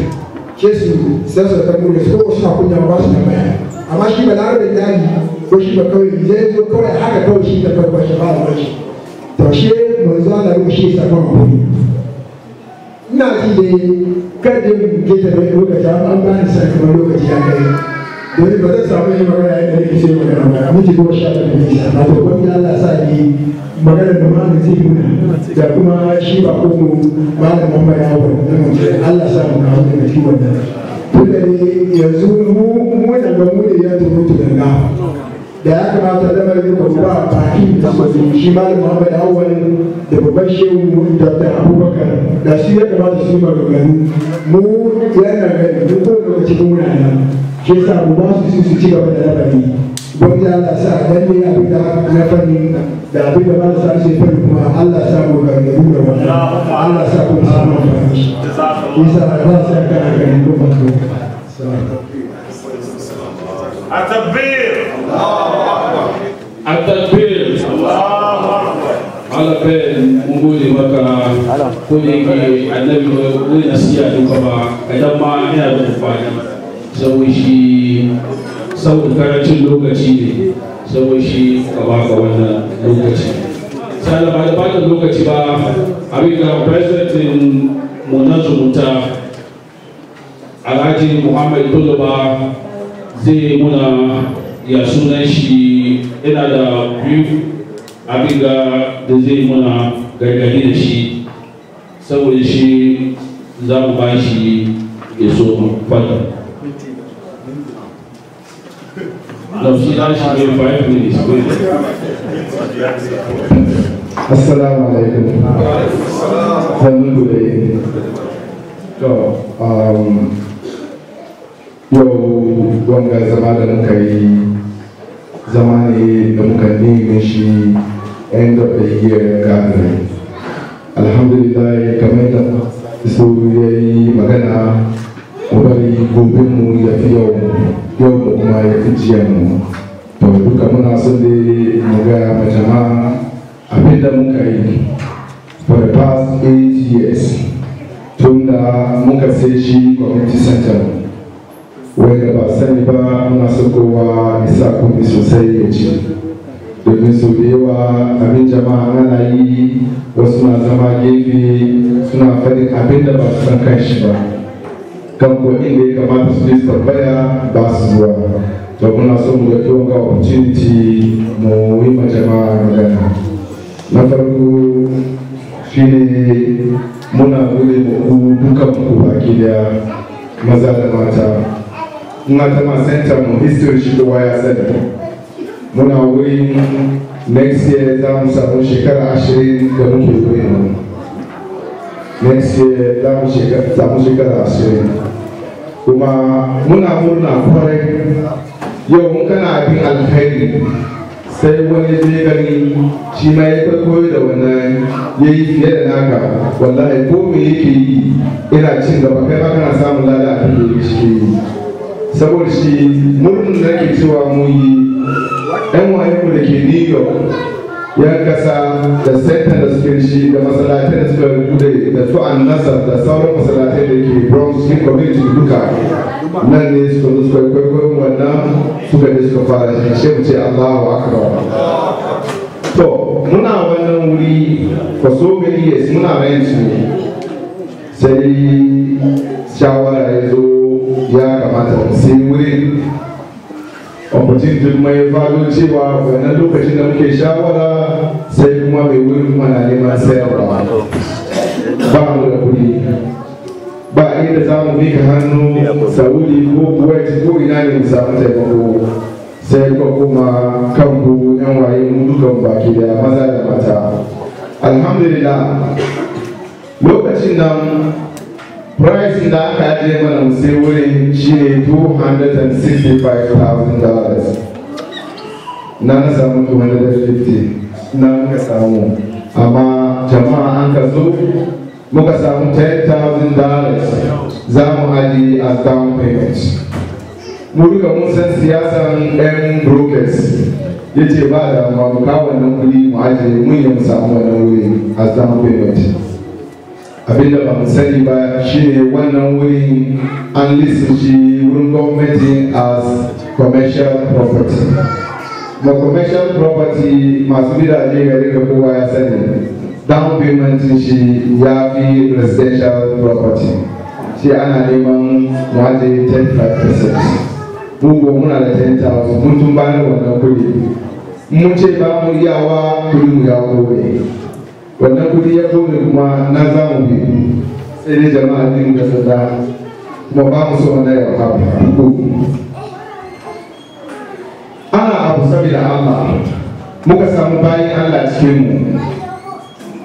ke su sassa ta muryarsu kuma suna kunya ba su tambaya amma shi ba larabin daɗi ko shi ba kawai zai zo kawai haka kawai shi da kawai ba shi ba da shi to shi manzo Allah ya shi sakon ina ji da kada mu je ta bai lokaci an ba ni sakamakon lokaci ya kai domin ba zan samu yin magana yadda nake sai magana ba miji goma sha da kuma ba to wanda Allah sa magana da malam zai nuna da kuma shi ba ko mu malam da da da ya kamata lamarin ku ba taki shi malam muhammad awwal da babban shehu dr abubakar da shi ya kamata su maganganu mu yana gani duk kowane lokaci mun muna nan shi yasa mu ba su su ci gaba da lamari wanda Allah sa gani abin da na fanni da abin da ba sa shi fanni kuma Allah sa mu ga ne da wannan Allah sa ku samu fanni yasa Allah sa kana ganin ku ba ku التكبير a takbir alafen mun gode maka ko da yake annabi ba wani nasiya duka ba kadan ma ina da amfani saboda shi saboda karancin lokaci ne saboda shi ka baka wannan lokaci sannan ba da lokaci ba na zumunta alhaji muhammad tuluba zai muna ya sunan shi ina da biyu abin da zai muna gargadi da shi saboda shi za mu ba shi ya so fadar Assalamu alaikum. Sannu da yi. To, um, yau wanga zama da muka yi zama ne da muka nemi shi end of the year gathering alhamdulillah kamar da su ya yi magana mu bari gobin mu ya fi yau yau mu kuma ya fi jiyan mu to duka muna son da mu ga majama abin da muka yi for the past eight years tun da muka sai shi community center wanda ba sani ba muna son kowa isa kundi sosai ya ci domin sau da yawa abin jama'a ana yi wasu na zama gefe suna faɗi abin da ba su san kan shi ba kan ko inda ya kamata su yi tambaya ba su zuwa to kuna son mu ɗauki wanga opportunity mu yi ma jama'a magana na farko shine muna gode mu dukan ku baki da maza da mata in tama center mu history shi kowa ya sani muna wurin next year za mu samu shekara ashirin da muke wurin mu next year za mu samu shekara ashirin kuma muna murna kwarai yau mun kana abin alkhairi sai wani zai gani shi ma ya kwaikwayo da wannan ya yi fiye da naka wallahi ko me yake yi ina cin gaba kai ba kana samun lalata a cikin yi saboda shi mun da ke cewa mu yi yan wayanku da ke new york yan kasa da center da suke shi da masalatai da suka rubuta da su an nasa da sauran masalatai da ke bronx cikin community duka nan ne suka zo suka kwaikwayon wannan suka ne suka fara shi shi mu ce allahu akbar to muna wannan wuri for so many years muna rayu sai shawara ya zo ya kamata sai wuri opportunity kuma ya faɗo cewa wannan lokacin da muke shawara sai kuma mai wuri kuma na neman sayarwa ba mu da kuɗi ba inda za mu mika hannu saudi ko kuwait ko ina ne mu samu taimako sai kuma kuma kanku yan waye mu dukan baki da maza da mata alhamdulillah lokacin nan price da aka je mana sai wurin shi ne $265,000. Na na samu 250 na muka samu. Amma jama'a an ka zo muka samu $10,000 za mu aji a down payment. muri ga mun san siyasan 'yan brokers. ya ce ba da mu kawo wannan kuɗi mu ajiye mun yi mu samu wannan wuri a down payment. abinda ba mu sani ba shine wannan wurin an listin shi wurin gwamnati as commercial property Ma commercial property masu gidaje gari da kowa ya sani down payment shi ya fi residential property shi ana neman waje 10% mu ko muna da 10,000 mun tun bayar wannan kuɗi mun ce ba mu iyawa kuɗi mu ya kowe wannan kudi ya zo ne kuma na zamu bi sai ne jama'a din da sada kuma ba mu so wannan yau ba. ana abu saboda Allah muka samu bayan Allah cikin mu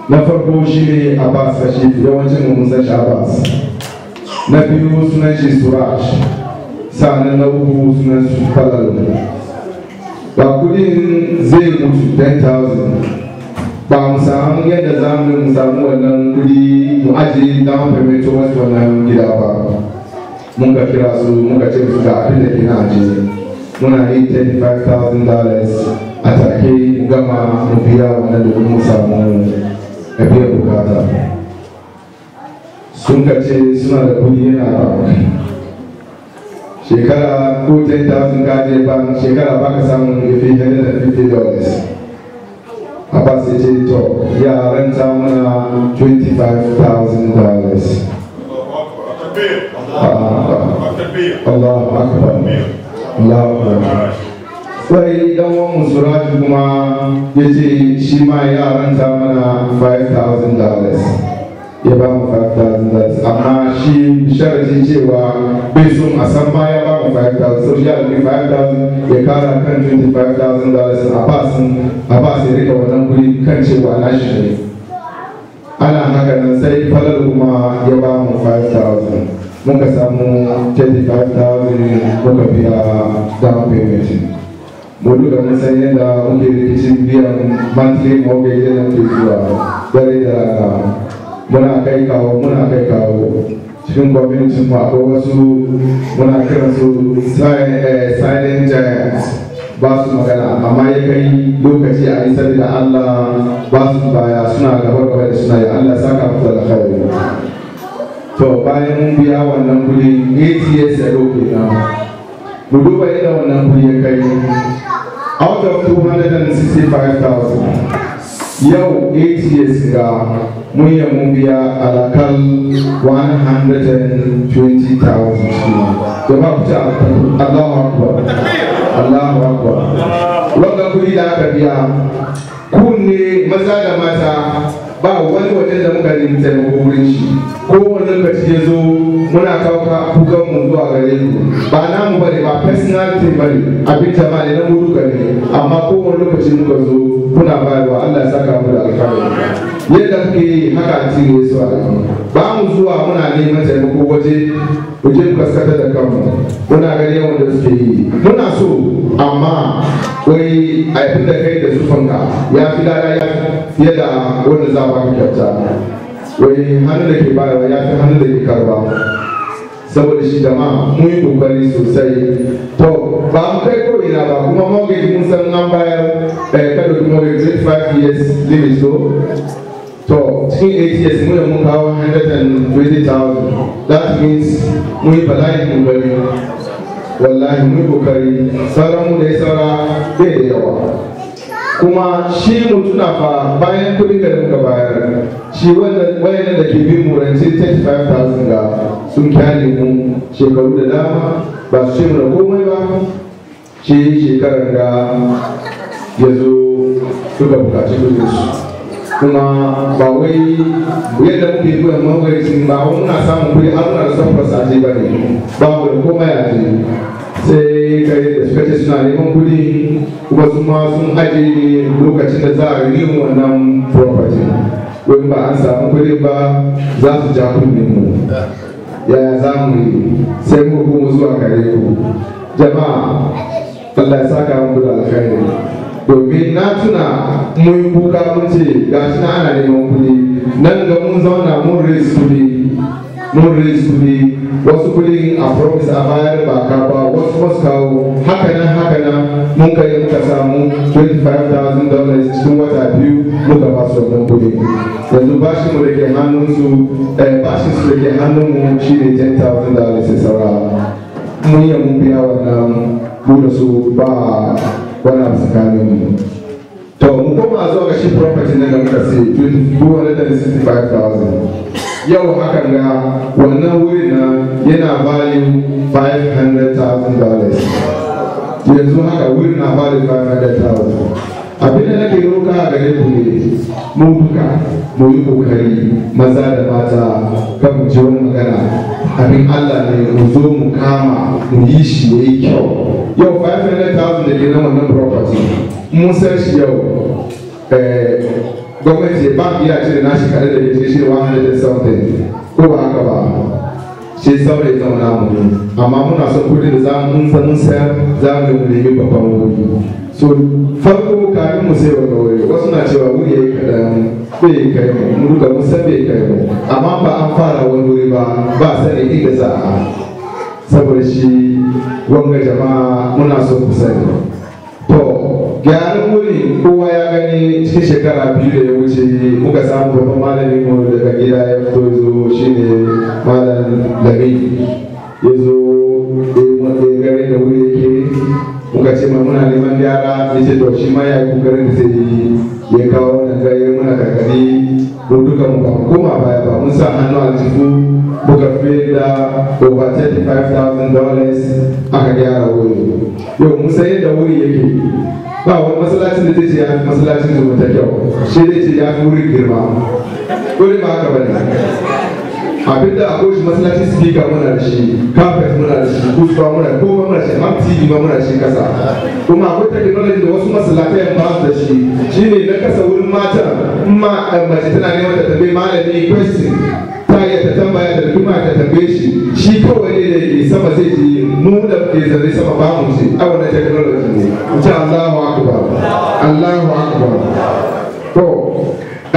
na farko shi ne Abbas shi yawancin mu san shi Abbas na biyu sunan shi Suraj sannan na uku sunan su Falalu ba kudin zai mutu 10,000 ba mu samu yadda za mu mu samu wannan kuɗi mu aji don mu fahimci wasu wannan gida ba mun ka kira su mun ka ce su ga abin da ke na ajiye muna yi $35,000 a take gama mu biya wannan da mu samu ka biya bukata sun ka ce suna da kuɗi yana da shekara ko 10,000 kaje ba shekara ba ka samun rufe $150 Abba sai ce to ya ranta mana 25,000 dollars Allahu akbar Allahu akbar sai dan wan musuratu kuma yace shi ma ya ranta mana 5,000 dollars ya ba mu 5,000 amma shi sharadin cewa bai so a san ma ya ba mu 5,000 so shi ya ɗauki 5,000 ya kara kan 25,000 a basin a basin rika wannan guri kan cewa na shi ne ana haka nan sai falal kuma ya ba mu 5,000 muka samu 35,000 muka biya down payment mu duka mun san yadda muke rikicin biyan monthly mortgage yana ke zuwa dare da rana muna kai kawo muna kai kawo cikin gwamnatin mu ko wasu muna kira su eh, silent giants ba su magana amma ya kai lokaci a isar da Allah ba su baya suna gaba gaba da suna yi Allah saka muku da alkhairi to bayan mun biya wannan kudi ATS ya roƙe na mu duba yadda wannan kudi ya kai out of 265,000 yau A.T.S ga mun yi mun biya alakal 120,000 jama'a ku ci Allahu Akbar Allahu Akbar wanda kuri da aka biya kunne maza da mata ba wani wajen da muka nemi taimako wurin shi kowane lokaci ya zo muna kawo kukan mu zuwa gare ku ba namu bane ba personal team bane abin ta bane na mu gare ne amma kowane lokaci muka zo kuna bayarwa Allah ya saka mu da alfahari yadda kuke haka a cikin Yesu a ba mu zuwa muna neman taimako waje waje kaskata da kanmu muna gani yawan da suke yi muna so amma wai a da kai da sufanka ya fi dada ya fi da wanda za ba ka kyauta wai hannu da ke bayarwa ya fi hannu da ke karba saboda shi ma mun yi kokari sosai to ba mu kai ko ina ba kuma mortgage mun san nan bayar kada kuma 5 years limit so to cikin eight years mun mun kawo 120,000 that means mun yi bala'in gani wallahi mun kokari sauran mu da ya bai da yawa kuma shi mutum na fa bayan kudin da muka bayar shi wannan wayannan da ke bi mu rance 35,000 ga sun kyale mu shekaru da dama ba su ce mu da komai ba shi shekarar ga yazo suka bukaci kudin su kuma ba wai yadda muke wai mawuyacin ba wani muna samun kuɗi har muna da samun saje ba ne ba mu da koma ya ce sai kai da suka ce suna neman kuɗi kuma su ma sun aje lokacin da za a yi wannan property wani ba an samu kuɗi ba za su ja kuɗin mu yaya za mu yi sai mu kuma zuwa gare ku jama'a Allah ya saka mu da alkhairi domin na tuna mun kuka mun ce ga shi ana neman kuɗi nan ga mun zauna mun raise kuɗi mun raise kuɗi wasu kuɗi a promise a bayar ba ka ba wasu wasu kawo haka nan haka nan mun kai muka samu 25,000 dollars cikin wata biyu muka ba su wannan kuɗi yanzu bashi mu da ke hannun su eh ba shi su da hannun mu shi ne 10,000 dollars sai saura mun yi mun biya wannan mu da su ba wannan tsakanin mu to mu koma zuwa ga shi property na muka sai 265,000 yau haka ga wannan wuri na yana value 500,000 dollars yanzu haka wuri na value 500,000 abin da nake roka a gare ku ne mu duka mu yi kokari maza da mata kan mu wani magana abin Allah ne mu zo mu kama mu yi shi ya yi kyau yau 500,000 da ke na wannan property mun san shi yau gwamnati ya ba ya ce da nashi kare da ya ce shi 100 something ko ba haka ba sai saurayi zama namu amma muna son kudi da za mu san mun sayar za mu nemi babban wuri so farko kafin mu sai wani wuri wasu na cewa wuri yayi kadan bai kai mu mu da mun san bai kai mu amma ba an fara wani wuri ba ba sani inda za a saboda shi wanga jama'a muna son ku sani to gyaran wuri kowa ya gani cikin shekara biyu da ya wuce muka samu babban malami mu daga gida ya fito zo shine malam lami ya zo ce mai muna neman gyara ya ce to shi ma ya yi kokarin da sai yi ya kawo wannan gari muna kakari ko duka mu ba koma baya ba mun sa hannu a jiku buga fiye da over 35,000 aka gyara wuri yau mun sayar da wuri yake ba wani masalacin da ce ya fi masallacin ta kyau shi ne ce ya fi wuri girma ko ba haka ba ne abin da akwai shi masallacin speaker muna da shi carpet muna da shi kusurwa muna da kuma muna shi mam tv ma muna shi kasa kuma akwai technology da wasu masallatai ba su da shi shine na kasa wurin matan in ma eh, mace tana neman ta tambaye malami question ta iya ta tambaya da kuma ta tambaye shi shi kawai ne da eh, sama zai ji mu da ke zare sama ba mu ce a wannan technology ne in ce Allahu akbar Allahu akbar to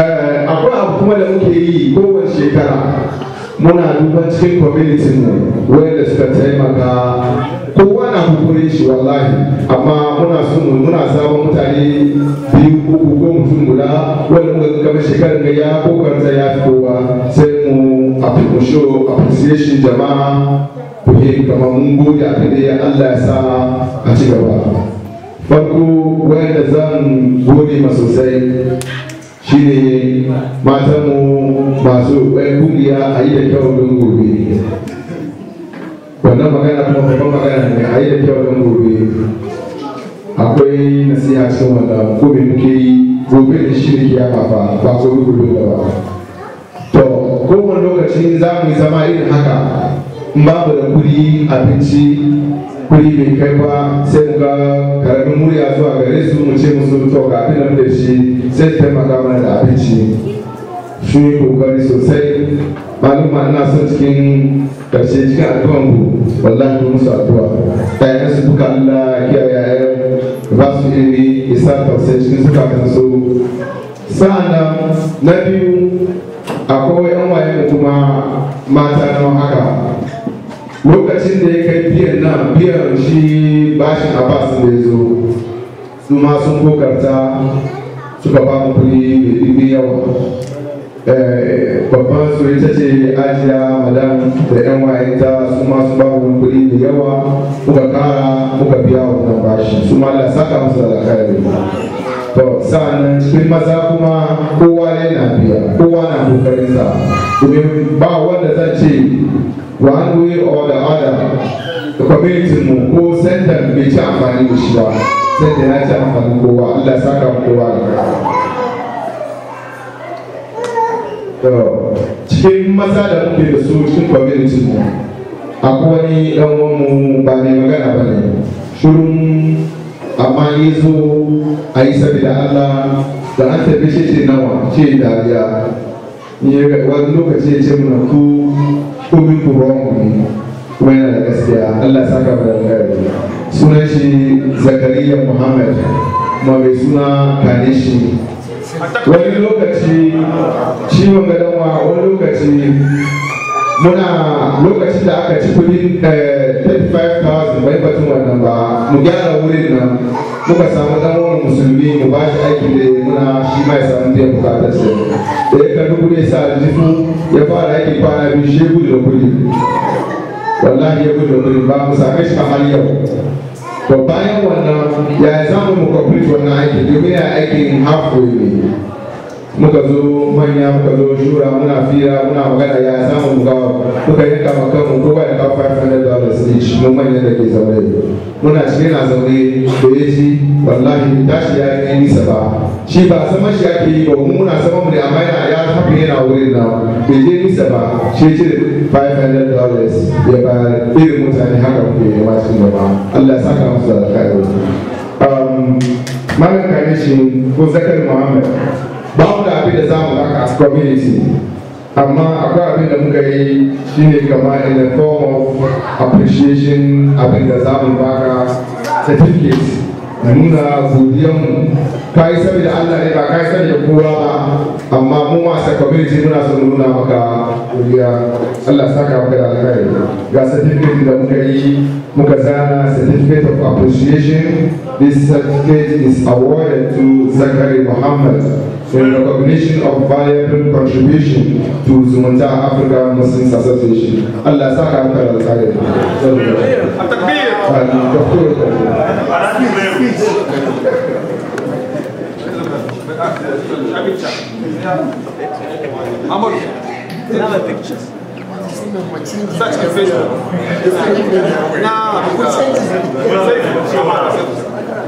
eh, akwai abu kuma da muke yi kowace shekara muna duba cikin community mu wanda suka taimaka kowa na hukunin shi wallahi amma muna sun muna sabon mutane biyu ko ko mutum guda wanda muka kama shekarar ga ya kokarta ya fitowa sai mu appreciation appreciation jama'a ku yi kamar mun gode a kai ya Allah ya sa a ci gaba farko wanda zan gode ma sosai shi ne matanmu masu ɗan kuliya a yi da kyau don gobe wannan magana kuma babban magana ne a yi da kyau don gobe akwai nasiha cikin ko gobe muke yi gobe da shi ne ya fafa ba ko gobe da ba to kowane lokaci za mu yi zama irin haka in babu da kuri abinci kuri bai kai ba sai mu ga karamin murya zuwa gare su mu ce musu to k'a abin da shi sai ta taimaka mana da abinci shi yi kokari sosai ma ina son cikin karshe cikin addu'an ku wallahi musu addu'a yayan su duka Allah ya yayan ba su ilimi isa tausayi cikin kan su sa'an na biyu akwai yan waye kuma mata nawa haka lokacin da ya kai biyan nan biyan shi bashin abbas da ya zo su ma sun kokarta suka ba mu kuɗi mai yawa eh, babban su ita ce ajiya madan da yan waye ta su ma su ba mu kuɗi mai yawa muka ƙara muka biya wannan bashi su ma la saka musu da alkhairi to sa'annan cikin maza kuma kowa yana biya kowa na kokarin sa domin ba wanda zan ce one way or the other community mu ko sanda bai ci amfani da shi ba sanda ya ci amfani kowa Allah saka kowa da kai cikin maza da muke da su cikin community mu akwai wani dan mu ba ne magana ba ne shirin amma ya zo a yi sabida Allah da an tafi shi ce nawa ce dariya wani lokaci ya ce muna ku kumin duwan kuma yana da gaskiya Allah saka mu da gari sunan shi Zakariya Muhammad kuma mai suna shi, wani lokaci ciwon gadon wani lokaci muna lokacin da aka ci kudin 35,000 mai batun wannan ba mu gyara wurin nan muka samu dan wani musulmi mu ba shi aiki da muna shi mai samun biyan bukatar sa da ya kan dubu ne sa aljihu ya fara aiki kwana biyu shi gudu da kudi wallahi ya gudu da kudi ba mu same shi kamar yau to bayan wannan ya zama mu complete wannan aiki domin ya aikin halfway ne muka zo manya muka zo shura muna fira muna magana ya samu mukawa kuka yi kama kanmu ko bai kawo 500 dollars each mun manya da ke zaune muna cikin na zaune da ya ji wallahi tashi ya yi nisa ba shi ba sama shi ake yi ba muna sama mu ne amma yana ya tafi yana wurin na bai je nisa ba shi ce 500 dollars ya ba irin mutane haka kuke yi ma cikin gaba Allah ya saka musu da alkhairi. Um, Malam Kanishin ko Zakar Muhammad ba mu da abin da za mu haka as community amma akwai abin da muka yi shine kama in the form of appreciation abin da za mu baka certificate da nuna godiyanmu ka yi saboda Allah ne ba ka yi saboda kowa ba amma mu masu community muna son nuna maka godiya Allah saka maka da alkhairi ga certificate da muka yi muka zana certificate of appreciation this certificate is awarded to Zakari Muhammad in recognition of valuable contribution to Zumunta Africa Muslims Association. Allah saka haka da Such a vision. Nah, we're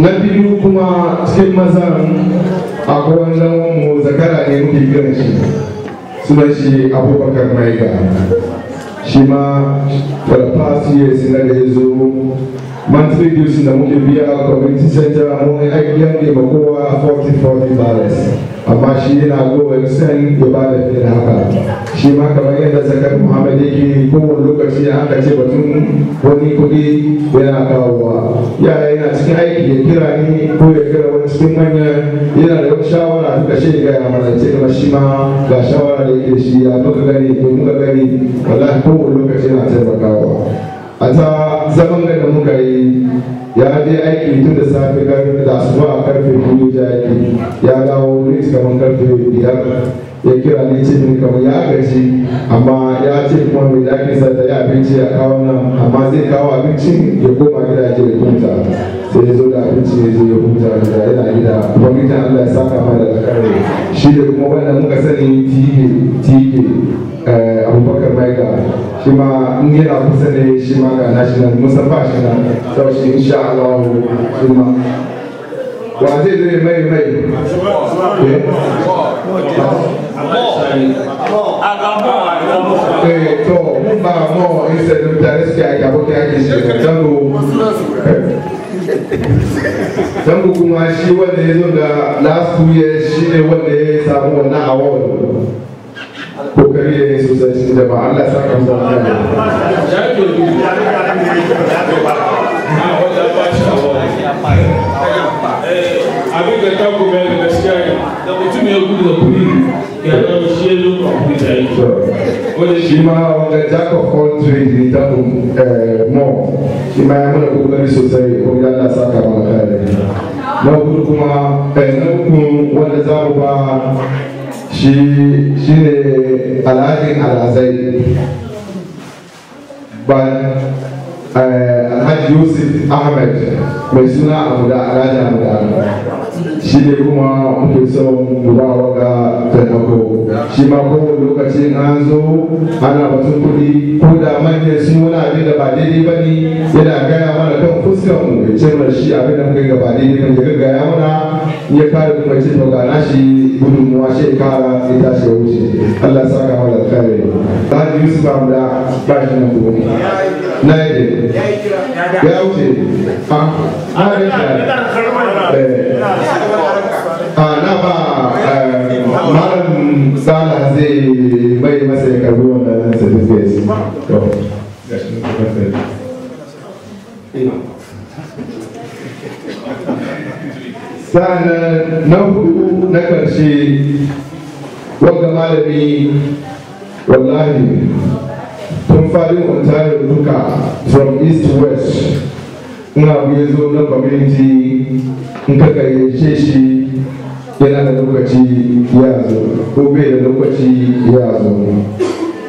na biyu kuma cikin mazan akwai wajen mu zakara ne muke kiran shi suna shi abubakar maiga shi ma for the past years na da ya zo monthly dues da muke biya a community center mun aikin ne ba kowa 40-40 dollars amma shi yana gowa sen ya ba da fiye da haka shi ma kamar yadda zakar muhammad yake kowane lokaci ya aka ce batun wani kuɗi yana kawowa Yaya yana cikin aiki ya kira ni ko ya kira wani cikin manyan yana da wani shawara ta kashe ya gaya mana ce ma shi ma ga shawara da yake shi ya muka gani ko muka gani wallahi kowane lokaci yana taimakawa a ta zaman da muka yi ya je aiki tun da safe da asuba a karfe biyu ya dawo ne kamar karfe biyar ya kira ne ce kamar ya gaji amma ya ce kuma mai dakin sa ta yi abinci ya kawo nan amma zai kawo abincin ya koma gida ya ya huta sai ya zo da abinci ya zo ya kuta da yana gida kwamitin Allah ya saka mai da alkhairi shi da kuma wannan muka sani tike tike eh, abubakar maiga shi ma in yana kusa ne shi ma ga national musamman shi na sau shi insha Allah shi ma wa zai zai mai mai eh, to kuma shi wanda ya da wanda ya samu wannan award kokari da ne da ba avec le temps qu'on met le vestiaire, la coutume est au bout de la pluie, qui a dans le ciel ou en pluie d'ailleurs. Shima, on est jack of all trades, il est dans le monde. Shima, il y a un problème social, il y a la sac à manger. Na gudu kuma na kun wanda za mu ba shi shi ne alhajin alhazai. Ba Eh, alhaji yusuf ahmed mai suna abu da alhaji abu da shi ne kuma muke son guda waga taimako shi ma kowane lokaci an zo ana batun kuɗi ko da manyan sun wani abin da ba daidai ba ne yana gaya mana kan fuskar mu ya ce mana shi abin da muka gaba daidai kan ya gaya mana ya kare kuma ce to ga nashi gudunmuwa shi ya kara sai ta shi wuce Allah ya saka mana alkhairi Alhaji Yusuf Ahmed ba shi na gobe na yi ya wuce ana a eh. ah, na ba eh, malam sala zai bai masa ya karbi wannan certificate sa'annan na hudu na karshe wanda malami wallahi faɗin ontario duka from east to west in abu ya zo na community in ka gayyace shi yana da lokaci ya zo ko bai da lokaci ya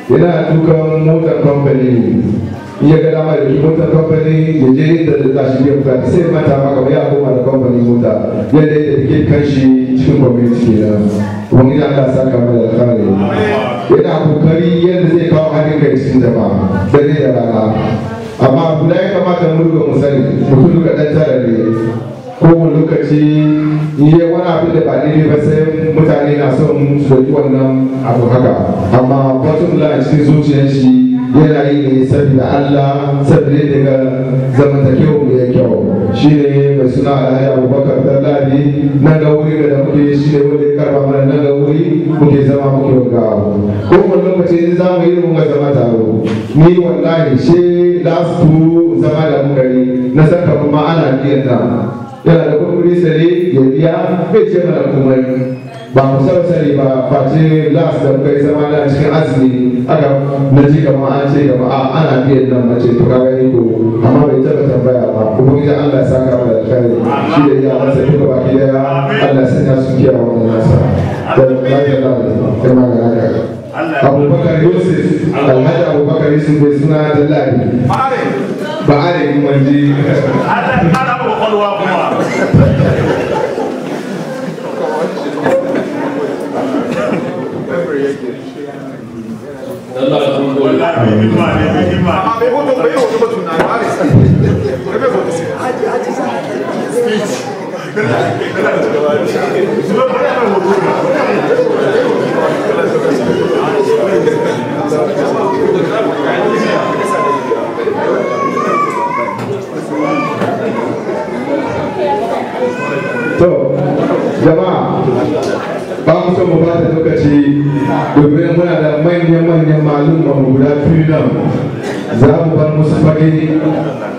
zo yana dukan motar company iya ga dama da motar kamfani ya je da da ta shi biyan bukata sai mata ma kamar ya koma da kamfani mota yadda da take kanshi cikin gwamnati ke nan wani da Allah saka mai da kare yana kokari yadda zai kawo haɗin kai cikin jama'a da ne da rana amma guda ya kamata mu duka mu sani mutum duka ɗan tara ne kowane lokaci iya wani abin da ba daidai ba sai mutane na son su ɗauki wannan abu haka amma bottom line cikin zuciyar shi yana yi ne sabida Allah saboda daga zamantakewa mu ya kyau shine mai suna Alhaji Abubakar Dallabi nan ga wuri da muke shi ne wanda ya karba mana nan ga wuri muke zama muke wanga ko wani lokaci za mu yi mun ga zama taro ni wallahi she last two zama da mun gari na saka kuma ana biyan da yana da kuɗi sai ya biya bai ce mana komai ba mu sarsari ba face las da muka yi zama na cikin azumi aka na ji kama an ce kama a ana biyan nan mace to ka gani ko amma bai taɓa tambaya ba kuma gidan Allah sa ka mu da alkhairi shi da iya masa duka baki daya Allah ya sanya su kiyaye wannan nasa da lafiya da kai ma ga haka Abubakar Yusuf Alhaji Abubakar Yusuf bai suna Jallabi ba are kuma ji Allah ya san dole amma bai hoto bai hoto ba tunan ba ne sai bai hoto sai haji haji sai speech mu ba da lokaci muna da manya-manyan malumma mu guda biyu nan za mu bar musu fage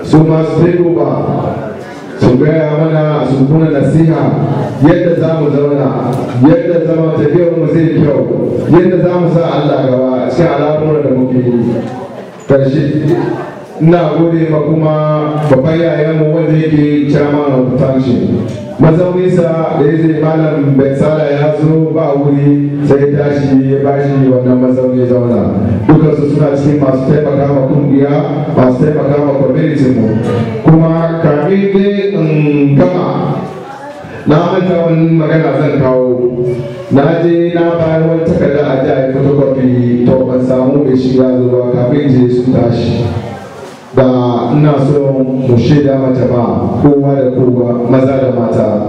su masu daiko ba su gaya mana su kuna nasiha yadda za mu zauna yadda zama tafiyar mu zai kyau yadda za mu sa Allah gaba sai al'amuran da muke yi karshe ina gode ma kuma babban yayanmu wanda yake chairman of function mazauninsa da ya zai malam bensala ya zo ba wuri sai tashi ya bashi wannan mazauni zauna dukansu suna cikin masu taimaka wa kungiya masu taimaka wa kwamitinmu. kuma kafin dai in gama na manta wani magana zan kawo na je na bayar wani takarda a jihar photocopy to ban samu mai shiga zuwa kafin je sun tashi ba ina so mu shaida mata ba kowa da kowa maza da mata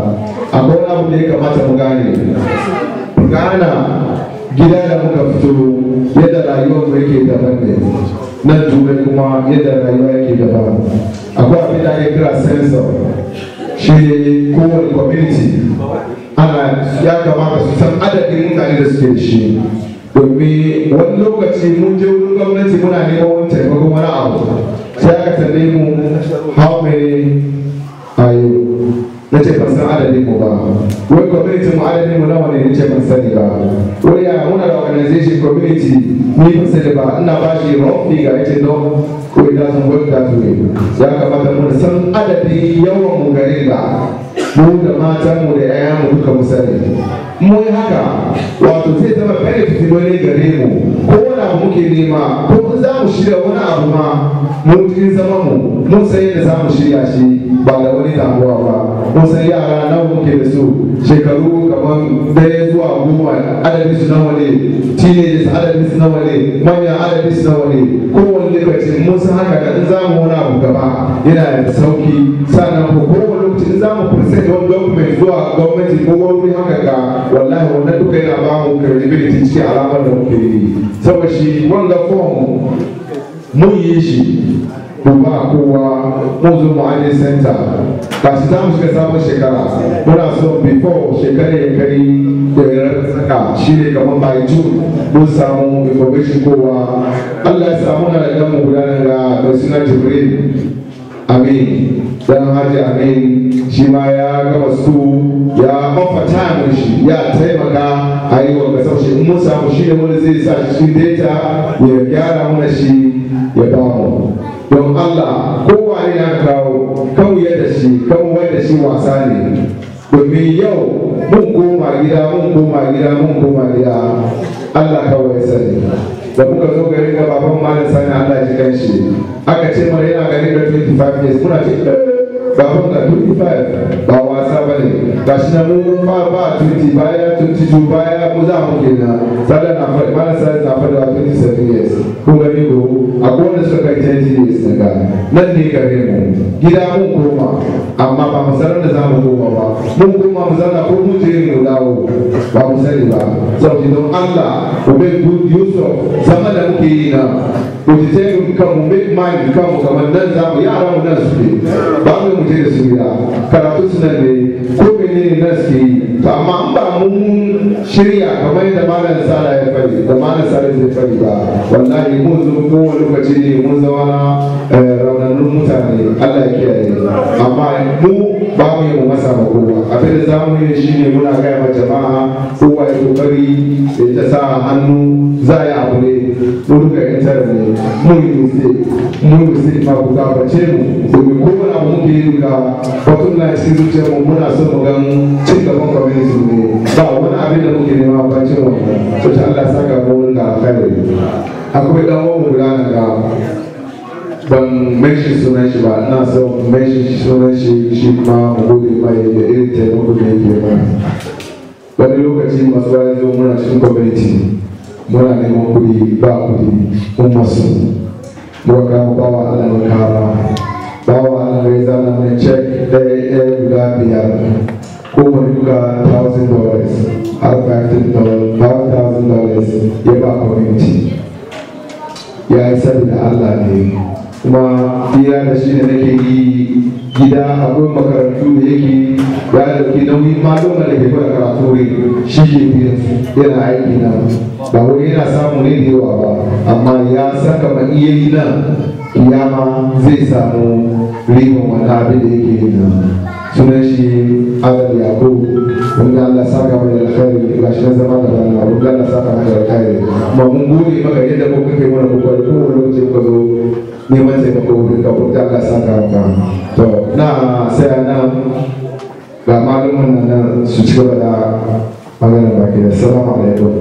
akwai wani abu da ya kamata mu gane gana gida da muka fito yadda rayuwar mu yake daban ne nan turai kuma yadda rayuwa yake daban akwai abin da ake kira sensor shi ne kowane community ana ya kamata su san adadin mutane da suke shi domin wani lokaci mun je wurin gwamnati muna neman wani taimakon wani abu Jackson, how many nace ce ban san adadin mu ba wai community mu adadin mu nawa ne nace ce ban sani ba wai ya muna da organization community ni ban sani ba ina ba shi ni ga yace don ko ina sun gwada da su ya kamata mu san adadin yawan mu gare da mu da matan mu da yayan mu duka mu sani mu yi haka wato zai zama benefit ne gare mu ko wani abu muke nema ko mun za mu shirya wani abu ma mun cikin zaman mu mun sai da za mu shirya shi ba da wani damuwa ba kusan yara nawa muke da su shekaru kamar daya zuwa goma adadin su nawa ne teenagers adadin su nawa ne manyan adadin su nawa ne kowane lokaci mun san haka da in mu wani abu gaba yana da sauki sannan ko kowane lokaci in zamu present wani government zuwa gwamnati ko wani haka ga wallahi wannan duka yana ba mu credibility cikin alamar da muke yi saboda shi wanda form mun yi shi ko ba kowa mun zo mu center shi za mu shiga sabon shekara muna so before shekara ya kai koyar eh, saka shi ne kamar by mun samu information kowa allah ya samu na da mu gudanar da basina jibril amin dan haji amin shi ya gama su ya offer time shi ya taimaka a yi wa gasar shi in mun samu shi ne wanda zai sa shi data ya gyara mana shi ya ba mu don Allah kowa ya kawo kan da shi kan da shi wasa ne domin yau mun koma gida mun koma gida mun koma gida Allah kawai sani da kuka zo gari ga baban malin sani Allah ya ji kan shi aka ce mara yana gari da 25 years muna cikin baban 25 ba wasa ba ne ga na mun ba ba 20 baya 22 baya mu za mu kenan sada na fara mana sada na fara 27 years ko gani ko akwai wanda ni kai 10 years na ne gida ma. A ma ba mu sanar da za mu ma ba mun koma mu zauna ko mu je mu dawo ba mu sani ba don Allah ku bai good use of zama da ake yi na ku ji take kan mu make mind kan mu kamar nan za mu yara mu nan su ne ba mu mu da su ya karatu suna nan ne ko mene ne nan su yi to amma an ba mu shirya kamar yadda malam sala ya fari da malam sala zai fari ba wallahi mun zo ko lokaci ne mun zama raunanun mutane Allah ya kiyaye amma mu ba mu yi mu masa ma kowa abin da za mu yi shi ne muna gaya ma jama'a kowa ya kokari ya ta sa hannu za a yi abu ne mun ka enter ne mun yi mun mistake ma ku gabace mu domin ko wani abu muke yi ga wato na cikin zuciyar mu muna son mu ga cin gaban community ne ba wani abin da muke nema ba ce wannan to Allah saka mu mun ga alkhairi akwai dan uwan mu da ban mention sunan shi ba na son mention sunan shi shi kuma mu mai da irin taimako da yake ba wani lokaci masu rayuwa muna cikin community ne neman kuɗi ba kuɗi mun masu muka bawa Allah mu kara bawa Allah ya zana mai cek ɗaya ɗaya guda biyar kowane duka thousand dollars ya fifteen dollars five thousand dollars ya ba community ya yi da Allah ne kuma biya da shi ne nake yi gida akwai makarantu da yake ya dauke nauyi ma da ke kula karatu ne shi ke yana aiki na ba wai yana samu ne da yawa ba amma ya saka ma iya yi nan kiyama zai samu ribar wani abin da yake yi na sunan shi adam yakubu wanda allah saka mai da alkhairi ga shi zama da bana da allah saka mai da alkhairi ma mun gode maka yadda ko kai mana kokari ko wani ka zo neman taimako wurin ka wanda allah saka maka to na sai na ga malaman nan su ci gaba da magana baki da salamu alaikum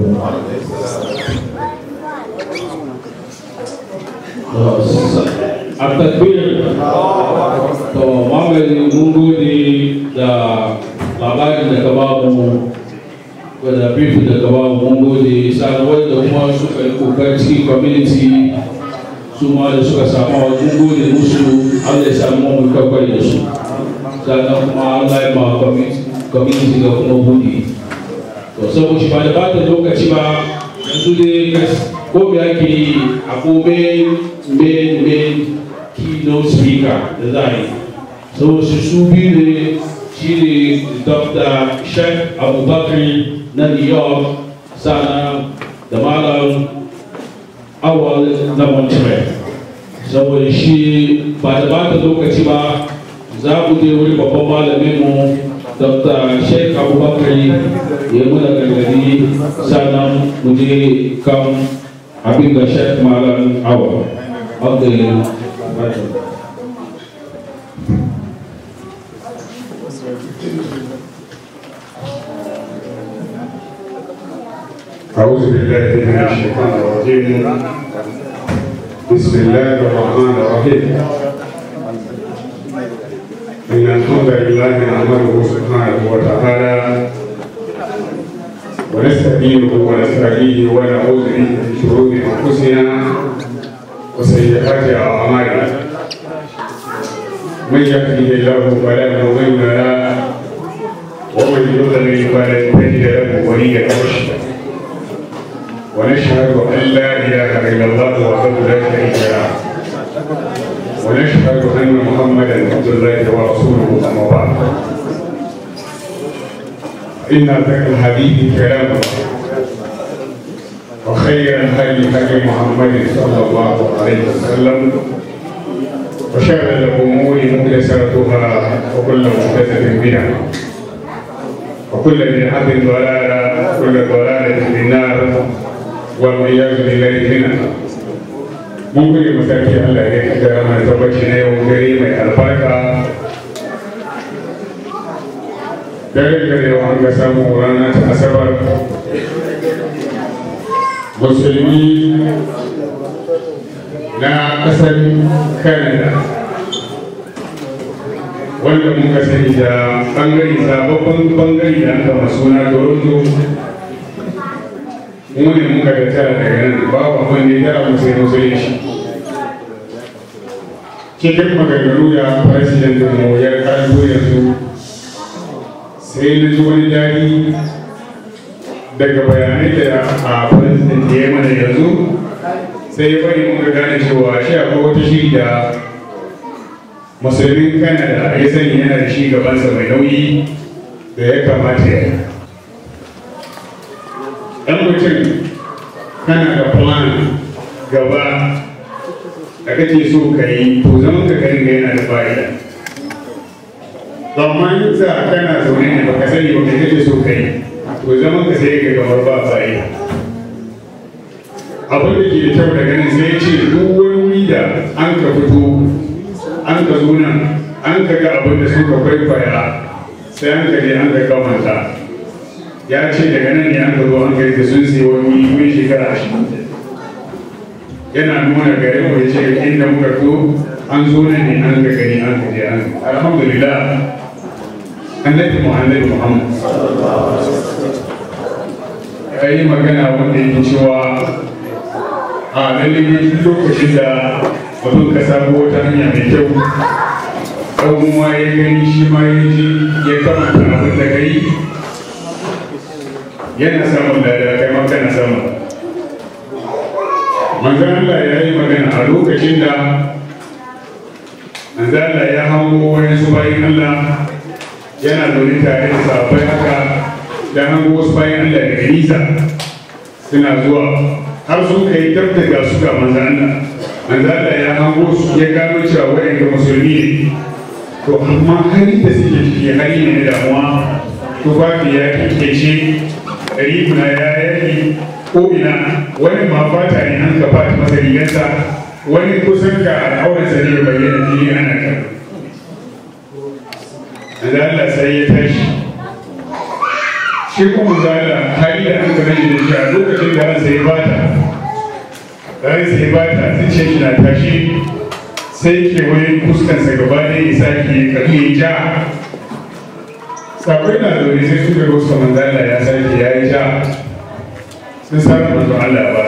Oh, a takbir to mamaye mun gode da labarin da ka ba mu wadda bifi da ka ba mu mun da kuma suka yi kokarci community da suka samu mun gode musu allah ya samu mu kwakwai da su sannan kuma allah ya ma community ga kuma buɗe to saboda ba da ba ta lokaci ba yanzu ake yi a ko no speaker da za a yi saboda su biyu ne shi ne dr sheikh Abu na new sana the malam awal na montreal So she by the back of the Kachiba za ku je Papa babban malamin mu dr sheikh Abu ya Yamuna Kagadi Sana mu je Abiba sheikh malam awal of the أعوذ بالله من الشيطان الرجيم بسم الله الرحمن الرحيم إن الحمد لله نعمله سبحانه وتعالى ونستعينه ونستعينه ونعوذ به من شرور أنفسنا وسيئات أعمالنا من يهده الله فلا مضل له ومن يضلل فلا تجد له وليا مرشدا ونشهد أن لا إله إلا الله وحده لا شريك له ونشهد أن محمدا عبد الله ورسوله أما بعد إن الحديث كلام الله وخير الهدي هدي محمد صلى الله عليه وسلم وشر الامور مجلساتها وكل محدثه بها وكل من بدعه ضلاله وكل ضلاله في النار والعياذ بالله منها ممكن يمسكي الله يحترم ان يتوجهنا يوم كريم البركه دائما يوم كسام ورانا تاسبر musulmi na kasar canada wanda muka sani da bangare sababbin bangare da aka masu na toronto wani muka da tara daga nan babu abin da ya tara mu sai musulmi shi cikin maganganu da president mu ya kaso yanzu sai na ji wani daɗi daga bayanai da a president ya mana yanzu sai ya bari muka gane cewa shi akwai wata shi da musulmin canada ya sani yana da shi gabansa mai nauyi da ya kamata ya ɗan mutum kana da plan gaba da kake so ka yi to zaman ka ganin yana da fa'ida amma yin sa kana zaune ne baka sani ba kake so ka yi Ku zama ka sai ka kamar ba sa yi abin da ke kyau daga nan sai ce duk wani wuri da an ka fito an ka zo nan an ka ga abin da suka kwaikwaya sai an ka je an ka kamanta ya ce daga nan ne an ka zo an ka yi sun sai wani wuri shekara ashirin yana nuna gare mu ya ce inda muka to an zo nan ne an ka gani an ka je an alhamdulillah annabi muhammad muhammad ka yi magana wanda yake cewa a lalibin duk lokacin da mutum ka samu wata hanya mai kyau ɗan ma ya gani shi ma ya ji ya kamata abin da ka yi yana samun ya kai maka na samu manzan Allah ya yi magana a lokacin da manzan Allah ya hango wani su bayan Allah yana zaune tare da sabai haka da hango wasu bayan Allah daga nisa suna zuwa har su ka yi tattaka su ga manzo Allah manzo Allah ya hango su ya gano cewa ga musulmi ne to amma hari da suke ciki hari ne na damuwa to ba ya kike ribuna ya yaki ko'ina wani ma fata ne an ka fata masa wani kusan ga al'aurarsa ne bayyana fili ana kan Allah sai ya tashi shi kuma zara hali da aka rage da shi a lokacin da ransa ya bata ransa ya bata ce shi na tashi sai ke kewayen fuskansa gaba ɗaya ya sake karfi ya ja sabai na zaune sai suka rusa manzala ya sake ya yi ja sun sami manzo Allah ba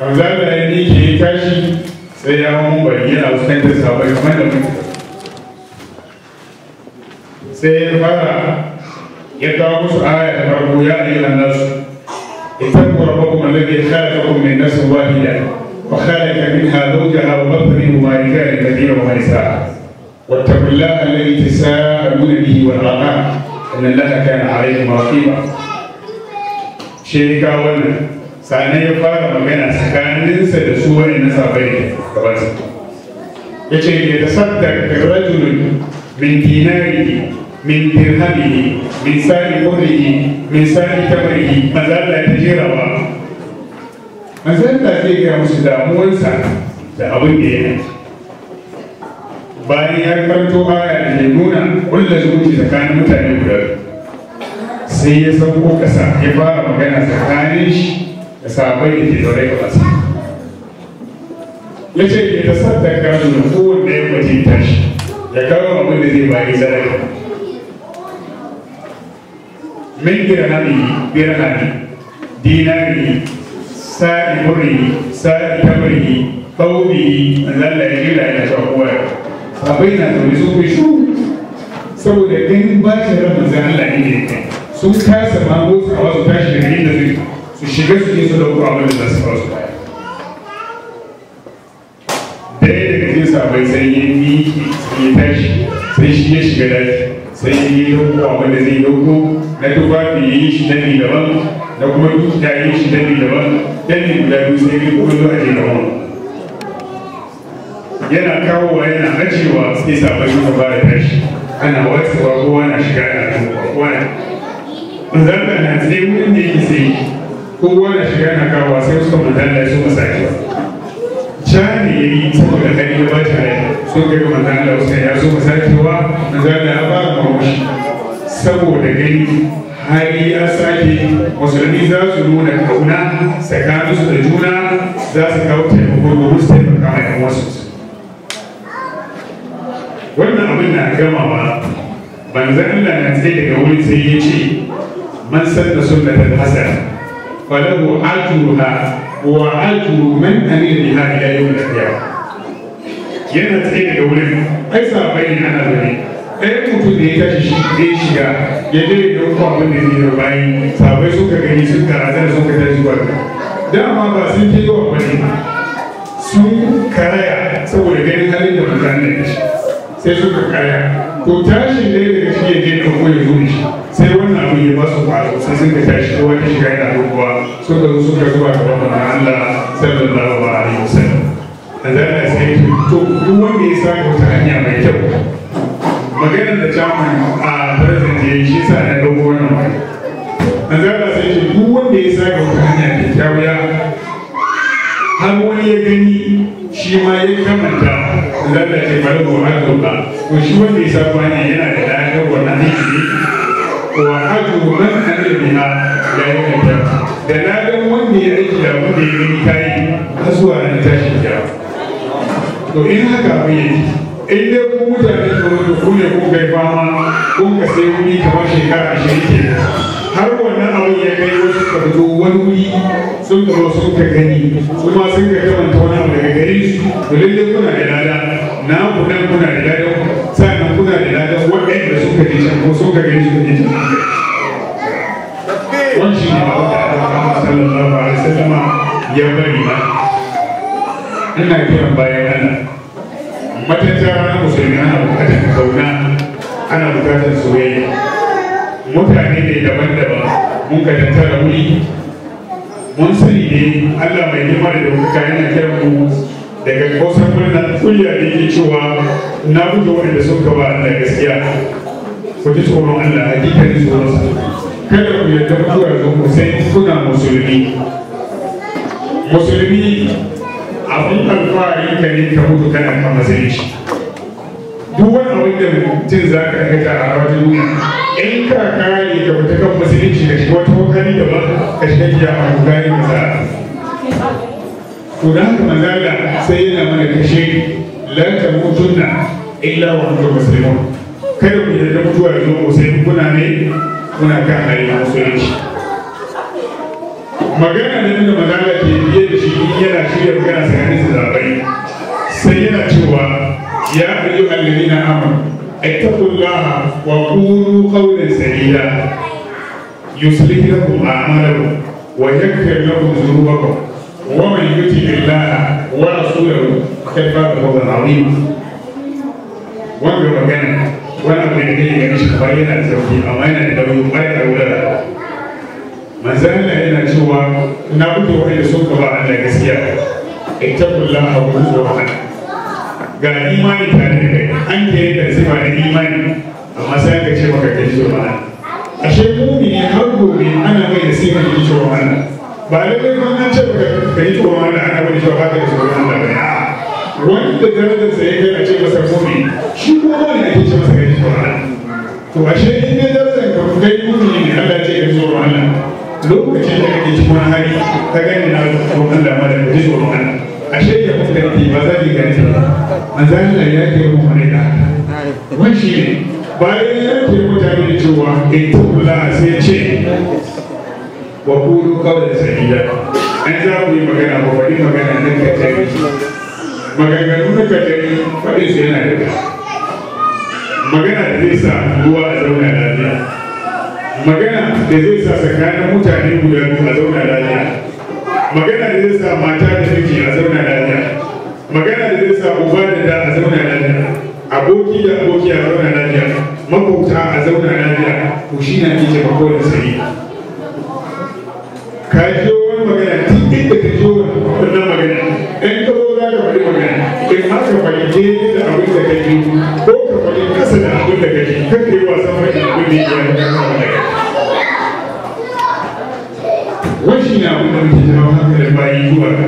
manzala ya miƙe ya tashi sai ya hau bayyana fuskantar sabai kamar da mutu. sai ya fara يبدأ آية ربه يا أيها الناس اتقوا ربكم الذي خلقكم من نفس واحدة وخلق منها زوجها وبث منهما رجالا كثيرا ونساء واتقوا الله الذي تساءلون به والأرحام إن الله كان عليكم رقيبا شركة ولا سأنا يفعل مكان سكان سدسوا إن سافرين كبرت يتشي يتصدق الرجل من ديناره من درهمه min sani kudrihi min sani tamrihi manzo Allah ta jirawa ba. Allah zai ga musu damuwarsa da abin da yi. bayan ya karanto baya da ke nuna kulla zuci tsakanin mutane guda sai ya sauko kasa ya fara magana tsakanin shi da sabai da ke zaure gaba sa ya ce ke tasaddaka da kowanne ya mutunta shi ya kawo abin da zai bayi sadaka min dirhami dirhami dinari sa'i murri sa'i tamri qawli zalla yila ya shakuwa sabai na zaune su ku shu saboda in ba shi ran manzon Allah ne sun kasa ma motsawa su tashi daga inda zai su shiga su je su dauko abin da za su kawo su baya ɗaya daga cikin sabai sai ya miƙe sai ya sai shi ya shiga daji sai ya yi dauko abin da zai dauko na tufafi ya yi shi dani daban da kuma dukiya ya yi shi dani daban dani guda biyu sai dai kuma zuwa je daban yana kawowa yana ajiyewa sai sabon shuka ba da tashi ana watsawa kowa na shiga ana tuka kowa na manzanta na sai wurin da yake sai kowa na shiga na kawowa sai suka manzanta ya suka sake cani ya yi saboda kai ya ba ta rai sun kai manzanta ya suka sake wa manzanta ya ba ma mashi saboda gani har ya sake musulmi za su nuna kauna su da juna za su kawo taimako da wasu taimaka mai yan wasu wannan abin na gama manzan Allah na tsaye daga wuri sai ya ce man sunna da hasana falahu ajruha wa ajru man amila biha ila yawm al-qiyamah yana tsaye daga wurin ai sabai ne ana zane ɗan mutum da ya tashi shi zai shiga ya je ya ɗauko abin da zai na bayan sabai suka gani sun karazar suka tashi ba dama ba sun ke yawan wani sun karaya saboda ganin halin da mutanen da shi sai suka karaya to tashin ɗaya daga shi ya je ɗauko ya zo shi sai wannan abin ya ba su ƙwaro sai suka tashi ta wani shiga yana rubuwa suka zo suka zuba gaban manzon Allah sallallahu alaihi wasallam. Allah ya sai to duk wanda ya sake wata hanya mai kyau maganar da chairman a president ya yi shi sa na dogo wannan wani manzala sai shi duk wanda ya sa ga wata hanya kyakkyawa har wani ya gani shi ma ya kamanta zalla ce bari ba wani gaba ko shi wanda ya sa hanya yana da lafiyar wannan aiki ne wa hajju man alimiha ya yi kanta da na ga wanda ya aiki da wanda ya gani kayi har na nan tashin kyawa to in haka abin ji. Inda dai ku mutane ne ku kai fama kun ka sai wuri kamar shekara ashirin ke har wannan abin ya kai wasu ka fito wani wuri sun ka sun ka gani kuma sun ka kamanta wani abu daga gare su to lallai kuna da lada na ku nan kuna da lada sannan kuna da lada waɗanda suka je can ko suka gani suka je wani shi ne ba da sallallahu alaihi wasallama ya bari ba ina kiran bayan Allah matata na musulmi ana bukatar kauna ana bukatar soyayya mutane ne daban-daban mun ka tattara wuri mun sani ne allah mai nema da ɗaukaka yana kiran mu daga kosar murna kuliya ne ke cewa na fito waɗanda sun gaba allah gaskiya ku ji tsoron allah a tsoronsa kada ku yarda mutuwar ku sai kuna musulmi musulmi abin alfahari ka ne ka mutu kana kan masallaci duk wani abin da mutum za ka aikata a rawar duniya in ka kare ka fita kan musulunci ka shiga wata kokari da ba ka shiga gida a kokari ka sa to da haka manzala sai yana mana kashe la ta mutunna illa wa antum muslimun kada ku yarda mutuwa ya zo sai kuna ne kuna kan hali musulunci magana da nuna ke biye da shi yana shirya magana sai hadisi zabai sai yana cewa ya ayyuha alladhina amanu ittaqullaha wa qulu qawlan sadida yuslih lakum a'malakum wa yaghfir lakum dhunubakum ومن يطع الله ورسوله فقد فاز فوزا عظيما. وأنا بقول لك وأنا بقول لك أنا شغال أنا سوي أمانة أو يقال أو لا manzan Allah yana cewa na mutu wa'anda suka ba Allah gaskiya a wa taqwa ga imani tare da kai an kere da sifa da imani amma sai ka ce maka kai shi ba ashe mumini har gobe ana mai da sifa da shi ba ba lallai ba an ce maka kai shi ba ana ba shi ba ka da shi ba wanda darajar sa ya kai a ce masa mumi shi kuma wani ake ce masa kai shi ba to ashe in dai darajar ka kai mumi ne Allah ce ka zo Allah lokacin da kake cikin wani hari ka gani na tsoron Allah mala da ji tsoron Allah ashe ya fuskanci ba za ki gani ba manzan Allah ya ke mu ne da wani shi ne bayan ya ke mutane da cewa in tukula sai ce wa kuru kawai da sadiya an za ku yi magana ba wani magana nan ka tare maganganu na ka tare faɗin sai yana da magana da zai sa ruwa a zauna lafiya magana da zai sa tsakanin mutane guda biyu a zauna lafiya magana da zai sa mata da miji a zauna lafiya magana da zai sa uba da da a zauna lafiya aboki da aboki a zauna lafiya makwabta a zauna lafiya to shi na ke taimako da sani ka ji wani magana tun inda ka ji wannan magana in ka har ka fahimci da abin da ka ji ko ka faɗi kasa da abin da ka ji kan ka yi wasan faɗi abin da ya yi wani shi ne abin da muke jawo hankalin bayi zuwa ga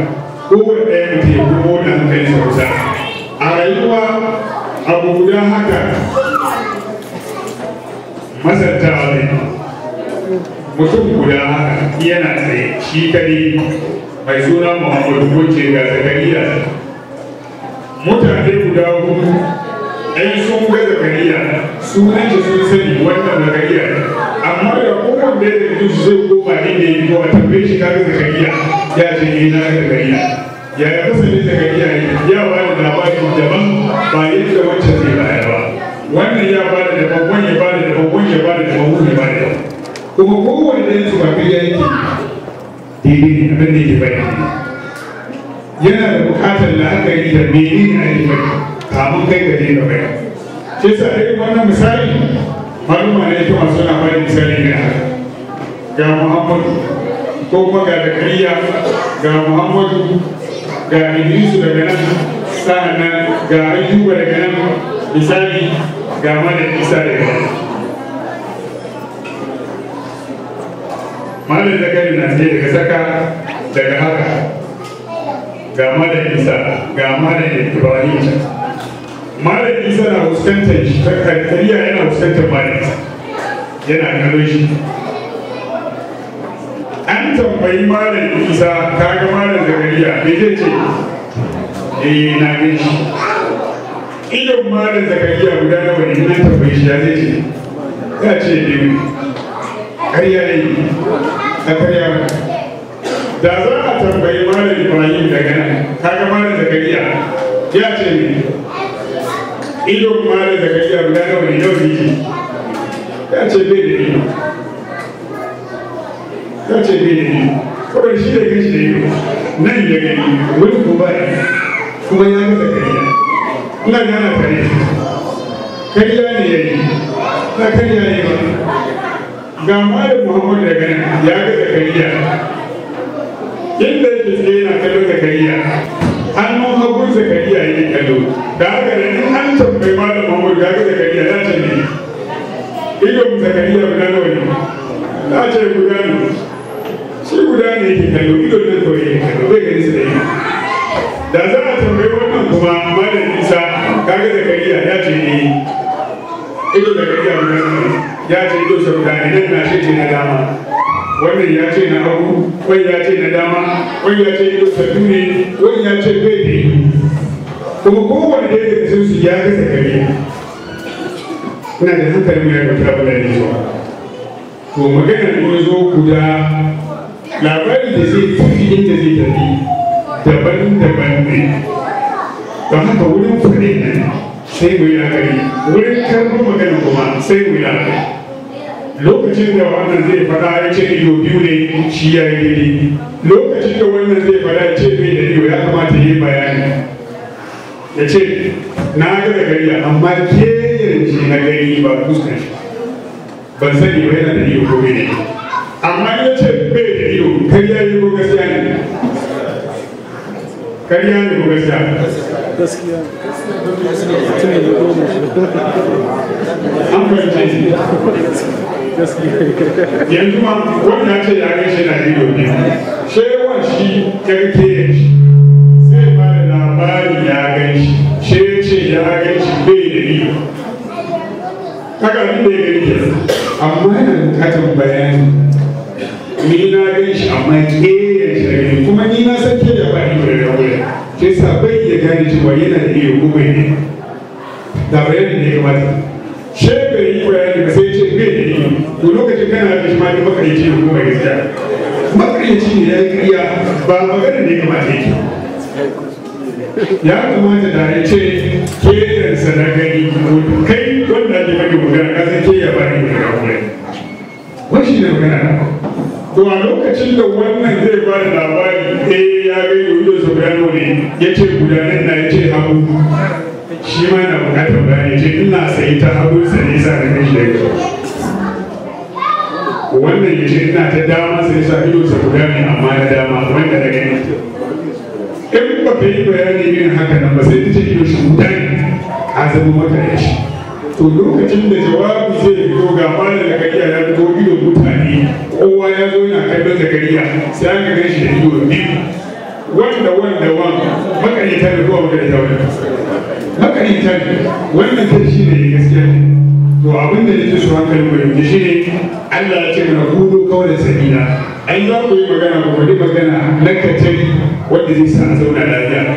kowane ɗaya mutum ya kuma wani hankalin sa a rayuwa abu guda haka masantawa ne mutum guda haka yana tsaye shi kare mai suna muhammadu ko ce ga zakariya mutane guda hudu ɗan sun ga zakariya sunan da sun sani wannan zakariya amma da kowanne da duk zai koma ne da ya a tambaye shi kaga zakariya ya ce ne eh, na zakariya ya ya kasance zakariya ne ya ba da labarin daban ba yadda wancan zai baya ba wannan ya ba da daban ya ba da daban ya ba da daban wani ya ba da kuma kowane ɗayan su ba kai yake daidai ne abin da yake bayani yana da bukatar yi da mene ne ainihin kamun kai ka daina bai ce sa irin wannan misali maluma ne kuma suna bari misali ne haka ga muhammadu ko kuma ga kariya ga muhammadu ga idrisu daga nan sa'annan ga ayyuba daga nan misali ga malam isa daga nan da kai. na ne daga saka daga haka ga da isa ga malam ibrahim malam isa na fuskantar shi ta kariya yana fuskantar malam yana kallon shi an tambayi malam isa ga malam zagariya me zai ce eh na gan shi idan da zagariya guda nawa ne na tambayi shi ya zai ce ya ce biyu kariya yi a kariya da za a tambayi malam ibrahim daga nan kaga malam iya ya ce ne idon malam zakariya guda nawa ne yau ne ya ce bai da ido ya ce bai da ido kawai shi da gashi da ido nan ya gani wani ya kuma ya ga zakariya ina gana tare kariya ne ya yi na kariya ne ba ga malam muhammadu daga nan ya ga zakariya yadda yake yana kallo zakariya hannun hagun zakariya yake kallo da haka da in an tambayi malam mahmud ga ga zakariya za ta ne idon zakariya guda nawa ne za ta guda ne shi guda ne yake kallo idon nan kawai yake kallo bai gani su da yi da za a tambayi wannan kuma malam isa kaga zakariya ya ce ne idon zakariya guda nawa ya ce idon sau da ne nan na shi ce na dama wannan ya ce na hagu wani ya ce na dama wani ya ce ido sabbi ne wani ya ce bai da yi kuma kowane da ya cikin su ya kasa gari ina da hankalin ya ga fara da zuwa to magana ne zo guda labari da zai tafi inda zai tafi daban-daban ne ba haka wurin fadin nan sai mu yi akari wurin karɓar magana kuma sai mu yi akari lokacin da wannan zai fada ya ce ido biyu ne shi ya yi gidi lokacin da wannan zai fada ya ce mai da ido ya kamata yi bayani ya ce na ga da gari amma ke yanzu na gari ba fuskar shi ban sani ba yana da ido ko bai da amma ya ce bai da ido kariya ne ko gaskiya ne kariya ne ko gaskiya gaskiya mutum ne goma shi yanzu ma wannan sai ba da labari ya da da amma yana bukatar bayani ni na gaishe amma ke ya shi kuma ni na san ke da ba ni da rauni ke sa bai iya gane cewa yana da iya ko bai ne da da ne kamata shekar yi bayani ba sai ce bai da iya to lokacin kana da shi ma ne makarici ne kuma gaskiya makarici ne ya kariya ba magana ya kamata yake ya kamata da ya ce ke da sanagari kai wanda ake maka magana kasan ke ya bani ne ga kuma wani shi ne magana na to a lokacin da wannan zai ba da labari sai ya ga yudo sobrano ne ya ce gudanar na ya ce hagu shi ma na bukatar bayan ya ce ina sayi ta hagu sa ne sa na kashi daga wannan ya ce ina ta dama sai sa ido sa guda ne amma na dama wanda na gani in ba ka yi bayani irin haka nan ba sai ta ce ido shi guda ne a zama maka yashi to lokacin da jawabi zai fito ga malam da kake ya fito ido guda kowa ya zo yana kallon zakariya sai an gan shi da ido biyu wanda wanda wan makarita da kowa makarita wani makarita ne wannan sai shi ne gaskiya to abin da nake so hankalin mu yanzu shi ne Allah ya ce mana hudu kawai da sabila ai za ku yi magana ku faɗi magana na kacari wanda zai sa a zauna lafiya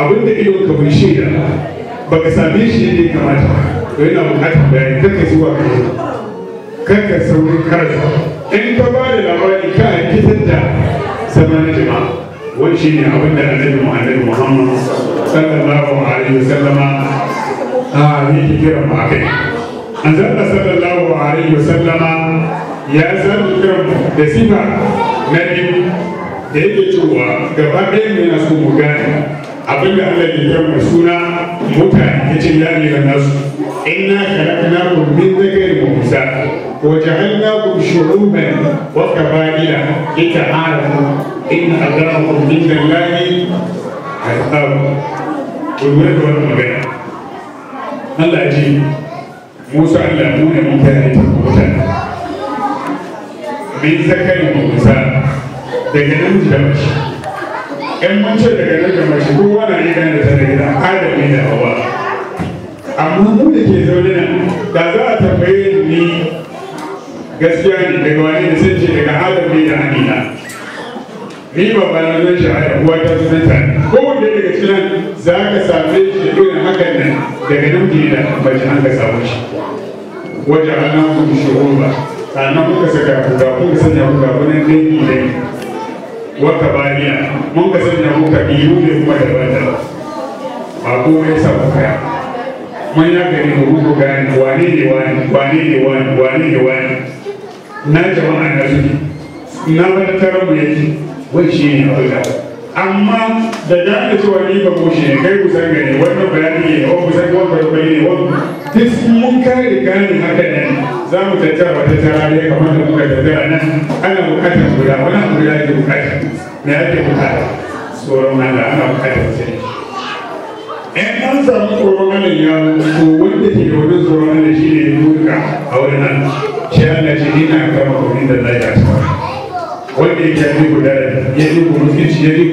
abin da idon ka bai shaida baka same shi ne ya kamata to yana buƙatar bayani kakka zuwa ka kakka saurin karatu in ka ba da labari ka kitar da zaman jama'a wani shi ne abin da annabi muhammad muhammad sallallahu alaihi wa wasallama a yake kiran mu akai zanna sallallahu alaihi wa sallama ya san kiran da sifa na biyu da yake cewa gaba ɗaya ne na su mu gane abin da Allah ke kira mai suna mutane ya ce ya ne nasu inna khalaqnakum min dhakarin wa unsa وجعلناكم شعوبا وقبائل لتعارفوا إن أكرمكم عند الله أتقاكم والولد والمبين الله أجيب موسى علمونا من كانت القرآن من ذكر وأنثى daga namiji da mace ƴan mace daga nan da mace kowa na iya gane ta daga nan adam ne da hawa amma mu da ke zaune nan da za a tambaye ni gaskiya ne daga wani da sun ce daga alabi da amina ni ba ba na shi shahada uwa ta su ko wanda daga cikin za ka same shi da irin hakan nan daga namiji da bace an ka samu shi wajen an ku shuru ba sannan kuka saka kuka kuka sanya kuka wani dangi da wata bariya mun ka sanya kuka biyu ne kuma da bata ba komai sa kuka mun ya gari ko kuka gane wane ne wane wane ne wane wane ne wane na jama'a na suke na wadatar mu yake wai shi ne abuja amma da da aka cewa ni ba ko shi ne kai kusan gane wannan bayani ne wani kusan wani barbari ne wa duk mun kare gane haka ne za mu tattara ba tattara ne kamar da muka tattara nan ana bukatar guda wani abu da ake bukata me ake bukata tsoron Allah ana bukatar sai in an samu tsoron Allah ya to wanda ke da wani tsoron Allah shi ne duka a wani nan. sai Allah ce ina kama ku inda Allah ya tsara wanda ya tafi ku da ya yi ku mutunci ya yi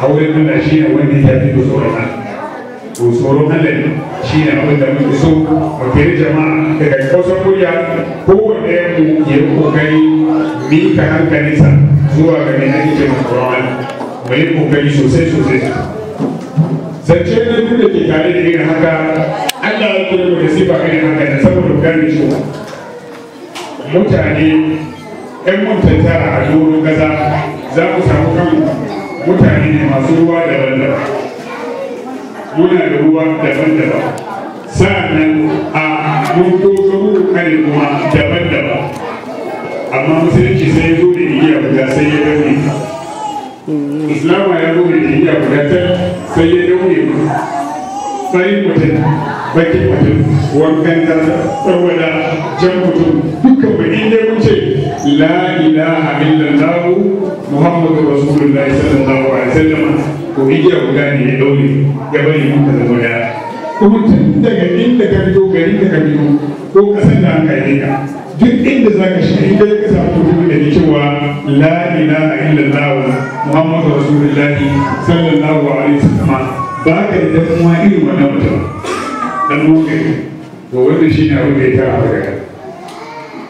a wurin Allah shi ne wanda ya tafi ku tsoron Allah to tsoron Allah ne ne so mu kiri jama'a daga kausar kuriya kowanne ya mu ya kokari mika hankalinsa zuwa ga mai ake jama'a tsoron Allah sosai sosai da ke tare da irin haka Allah ya kula da sifa irin haka da saboda gane mutane yan mutanta a doron gaza za ku samu kan mutane ne masu ruwa daban-daban muna da ruwa daban-daban sa'annan a mun kuma kan kuma daban-daban amma musulunci sai zo da igiya guda sai ya gani islama ya zo da igiya guda ta sai ya daure mu farin mutum bakin mutum wankan kasa saboda jan mutum dukkan mu in mun ce la ilaha illallah muhammadu rasulullahi sallallahu alaihi wasallam ko igiya guda ne ya daure ya bari mun ka zama da kuma tun daga inda ka fito gari da ka fito ko kasan da aka yi ka duk inda za ka shiga inda ka samu mutum da ne cewa la ilaha illallah muhammadu rasulullahi sallallahu alaihi wasallam ba ka da kuma irin wannan mutum dan nuke to wannan shi ne abin da ya tara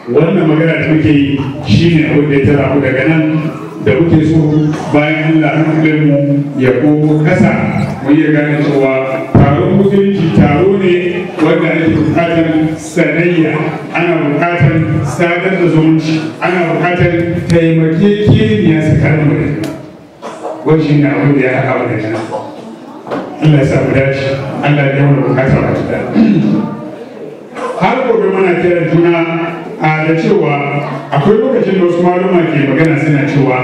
ku daga wannan magana da muke yi shi ne abin da ya tara ku daga nan da muke so bayan Allah mu ya komo kasa mu iya gane cewa taron musulunci taro ne wanda ake bukatar sanayya ana bukatar sadar da zumunci ana bukatar taimakekeniya tsakanin mu da wani shi ne abin da ya haɗa mu da Allah ya samu dace Allah ya mana bukatar a cikin har gobe muna kiran juna a da cewa akwai lokacin da wasu maluma ke magana suna cewa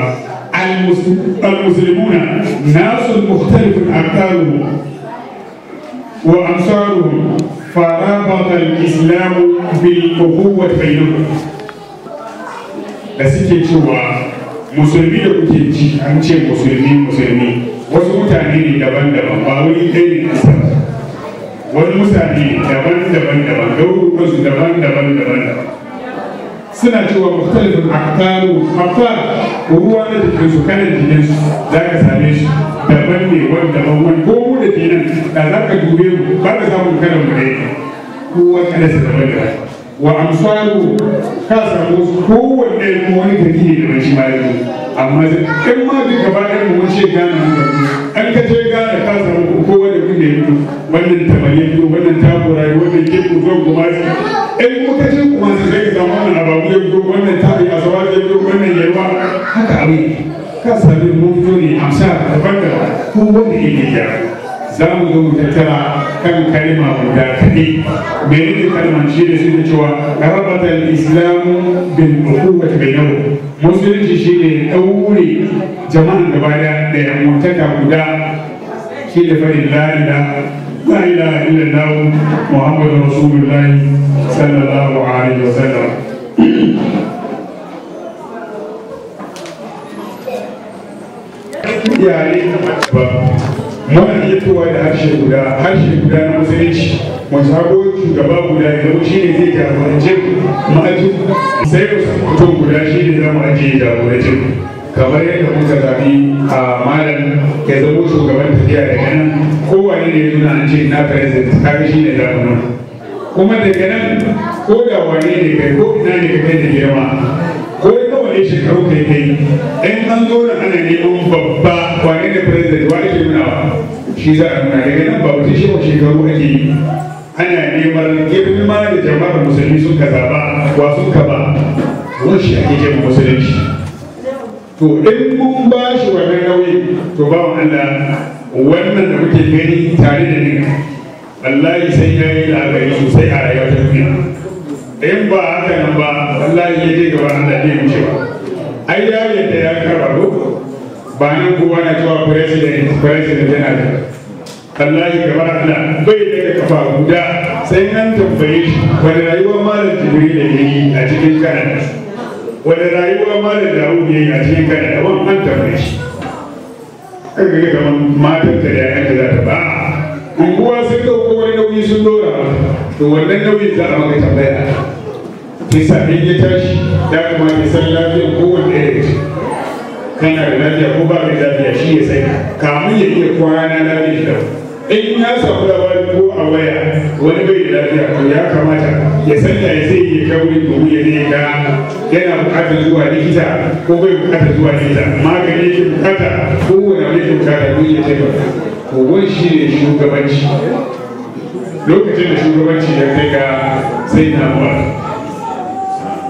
al-muslimuna nasu mukhtalifun aqdaru wa amsaruhum فرابط الإسلام بالقوة بينهم da suke cewa musulmi da kuke ji an ce musulmi musulmi wasu mutane ne daban-daban ba wani ɗaya ne wani mutane daban-daban daban daban su daban-daban daban suna cewa mukhtalifin aktaru hafar ruwa na jikin su kanan jikin su za ka same shi daban ne wanda ban wani ko mu da kenan da za ka dube mu ba ka samu kanan mu ne kowa kanan sa daban daban wa amsalu ka samu kowanne ko wani gari ne daban shi ma yanzu amma in ma duka bayan mu wace gane mu an ka je gane ka samu kowa da kuke yi wannan ko wannan takura wannan kiko zo kuma in eh, kuma ka kuma su zai zama wannan ababu ya fito wannan tabi a sawa ya fito wannan ruwa? haka abin ka sami mutu ne amsa ta banda ko wanda ke ya za mu zo mu tattara kan kalma guda kaɗai mai nufin kalman shi da suna cewa rabata islamu bil ukhuwati bainahu musulunci ne daure jama'an gaba da ya mutaka guda shi da farin la لا إله إلا الله محمد رسول الله صلى yare ba muna iya fitowa da harshe guda harshe guda na musulunci mu shago shugaba guda ya zama shi ne zai jagorance ma'ajin sai mutum guda shi ne za ajiye jagorancin kamar yadda kuka zaɓi a malam ya zama shugaban tafiya daga nan kowane ne ya nuna an ce na president ga shi ne zaɓin nan kuma daga nan ko da wane ne kai ko ina ne kai da girma ko ya kawo ne shekaru kai kai in an zo na ana neman babba wane ne president wane ke nunawa shi za a nuna daga nan ba ta shewa shekaru ake yi ana neman girma da jama'ar musulmi sun ka zaɓa wa sun ka ba wani shi ake jama musulunci to in kun ba shi wannan nauyi to ba Allah wannan da muke gani tare da ni wallahi sai ya yi labari sosai a rayuwa ta duniya in ba haka nan ba wallahi ya je gaba Allah zai wuce ba ai ya yadda ya karba ko ba ni kowa na cewa president president yana da wallahi gaba Allah bai da kafa guda sai nan tambaye shi wani rayuwar malam jibril da yi a cikin kanan wani rayuwa malam dawo ya yi a cikin kada da wani an tafi shi an ga kamar ta da yanka za ta ba unguwa sun ɗauko wani nauyi sun dora to wannan nauyin za a maka tambaya kisa sami ya tashi ya kamata san lafiyar kowanne ya ce kana da lafiya ko ba mai lafiya shi ya sai kamun ya iya kwana lafiya in ya samu labari ko a waya wani bai da lafiya to ya kamata ya sanya ya sai ya ga wurin domin ya zai ga yana bukatar zuwa likita ko bai bukatar zuwa likita magani yake bukata ko wani abu yake bukata don ya ba. Ko wani shi ne shugabanci lokacin da shugabanci ya kai ga sai na ba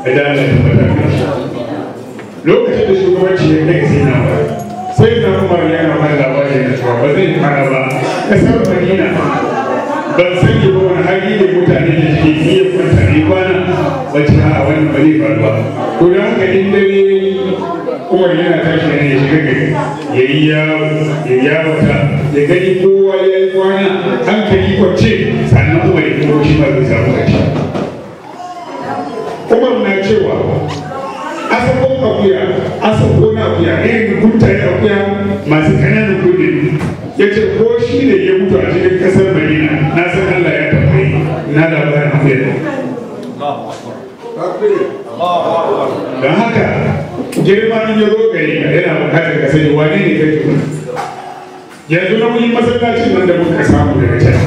idan ya tabbata lokacin da shugabanci ya kai ga sai na ba sai da umar yana mai labari da a ba zai fara ba kasar madina ban sani ba wani hali ne mutane da ke iya kwanta ne kwana wacce a wani ba zai faru ba to da haka in dare umar ya ya ya ya gani kowa ya yi hankali kwance sannan umar ya kuma na cewa asakon akuya asakon akuya irin guntaye akuya masu kananan kudin ya ce ko shine ya mutu a cikin kasar madina na san allah ya tafi na labarin akuya don haka girman ya zo gari yana bukatar ka sani wane ne kake yanzu na muyi masallacin nan da muka samu daga can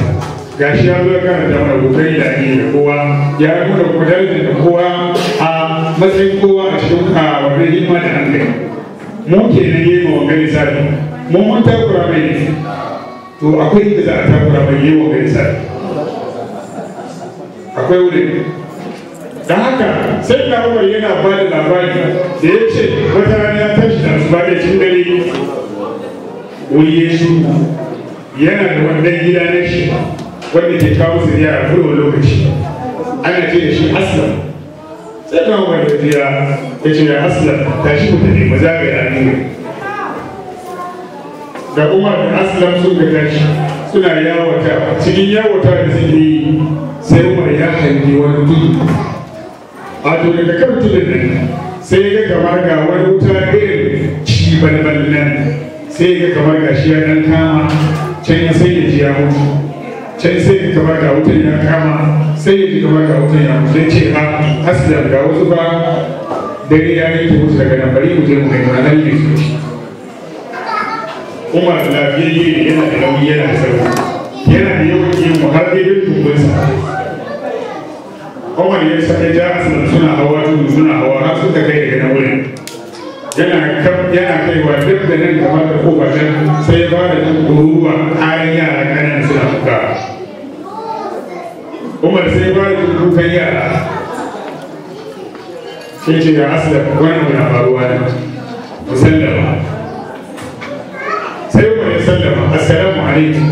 gashi ya zo ya kana da abokai da kowa ya nuna kudar da kowa matsayin kowa a cikin ka wannan hidima da an kai mu ke nan yi ma wangan lissafi mu mun takura mai ne to akwai inda za a takura mai yi wangan lissafi akwai wuri da haka sai da umar yana ba da labari da ya ce wata rana ya tashi da su ba da cin gari wani ya yana da wannan gida na shi wanda ke kawo su yara kowane lokaci ana ce da shi aslam sai ɗan wani gajiya ya ce ya ta tashi mu tafi maza ga ne da umar da aslam sun ga tashi suna yawata cikin yawata da suke yi sai umar ya hangi wani tudu wato daga kan tudun nan sai ya ga kamar ga wani wuta irin ci balbal nan sai ya ga kamar ga shi ya dan kama can ya sai ya ji ya mutu can sai ya kamar ga wutan ya kama sai yake kamar ga mutum ya mutu ce a ah, asidan ga wasu ba dare ya yi ta daga nan bari mu je mu kai ranar yi su umar lafiyayye ne yana da nauyi yana da sauki yana da yawan yin wahalar yin tumbinsa umar ya sa ya ja asidan suna hawa tudu suna hawa har suka kai daga nan wurin yana yana wa duk da nan kamar da kofa sai ya fara jin kururuwa a yara ƙananan suna fuka umar sai ba da kukan yara Ke ce ya asila wani mai faruwa ne musallama sai kuma ya sallama assalamu alaikum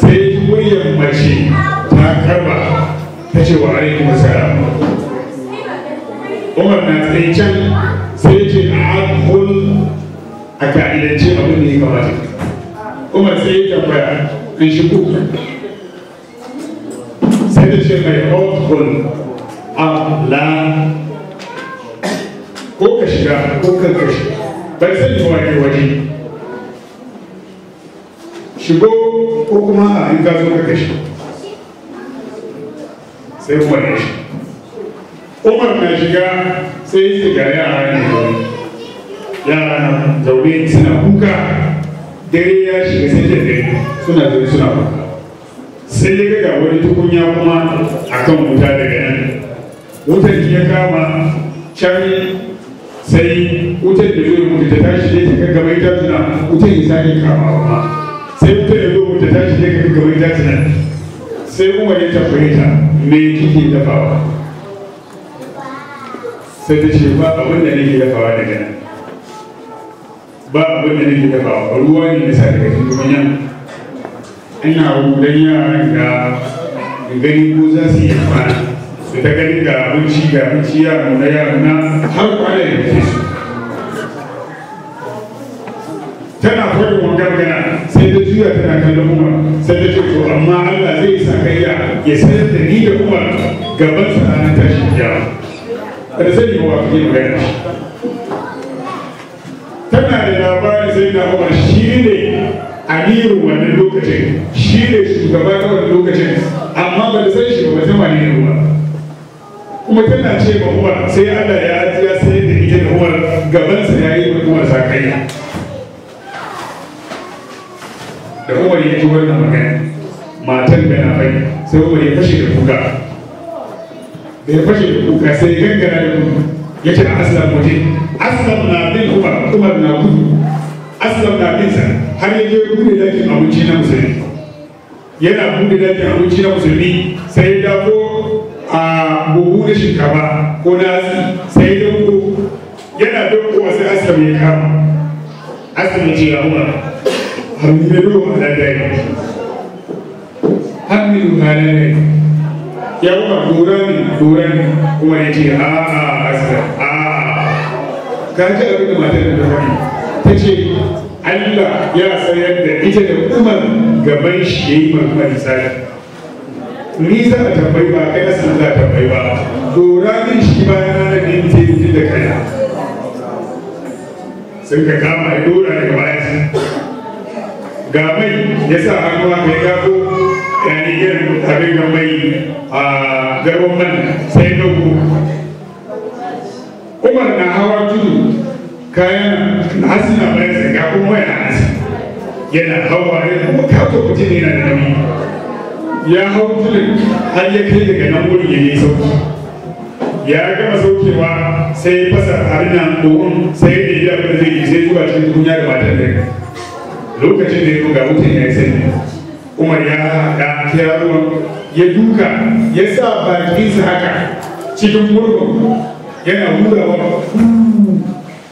sai muryar mace ta karba ta ce wa alaikum assalam umar na tsaye can sai ce a akwai a ka'idance abin da ya kamata umar sai ya tambaya in shi kuka ce mai outful abla ko ka ko kan ka shiga bai sai ta waje shigo ko kuma a in ka zo sai kuma ya shi umar na shiga sai su ga yara ne yara na zaune suna kuka ya shiga sai da dare suna suna sai ya ga wani tukunya kuma akan wuta daga nan wutar ya kama can sai wutar da zai mutu ta tashi ne ta gaba ita tuna wutar ya sake kama kuma. sai wutar da zai mutu ta tashi ne ta gaba ita tuna sai kuma ya tafi ta me kike dafawa sai ta ce ba abin da nake dafawa daga nan ba abin da nake dafawa ruwa ne na sa daga cikin tukunyan ina rudan yara da gani ko za su yi kwana su ta gani ga abinci da abinci yaro na yaro na har kwana da ke su tana faɗin wanga magana sai ta juya tana kallon umar sai ta ce to amma allah zai sa kaiya ya sayar da ni da kuma gaban sa ranar tashi ya kada sai yi wa yi magana tana da labarin sai na kuma shi ne amirin wannan lokacin shi ne shugaba na wannan lokacin amma ba da san shi ba ta wani ruwa kuma tana ce ba kuma sai Allah ya ya sai da ita da uwar gabansa ya yi wa uwar sakayya da uwar ya ji wannan magana matan da na bai sai uwar ya fashe da kuka da ya fashe da kuka sai ya gangara da kuka ya ce a aslam waje aslam na bin kuma umar na kudu aslam na binsa har ya je bude dakin abinci na musulmi yana bude dakin abinci na musulmi sai ya dafo a buhu na shinkafa ko na hatsi sai ya dauko yana dauko sai aslam ya kama aslam ya ce ya umar hamdu na dole ala dai hamdu yi dai ya umar dora ne dora ne kuma ya ce a a'a aslam a ka ji abin da matar da ta faɗi ta ce Allah ya sayar da ita da umar gaban shi ya ni za a tambayi ba kai sun za a tambayi ba dora min shi ba ya na da ta yi da kai sun ka kama ya dora daga baya ga mai ya sa hannu haka ya gafo yani irin abin ga mai a garwan man sai ku umar na hawa tudu kayan nasi na bayan zanga kuma yana yana hawa yana kuma kato mutum yana da nauyi ya hau tulin har ya kai daga nan wurin ya yi sauki ya gama saukewa sai fasa abin nan domin sai ya yi abin da zai yi sai zuwa cikin kunya da matar da lokacin da ya zo mutum ya yi umar ya haɗa kira ruwan ya duka ya sa bakinsa haka cikin murhun yana hurawa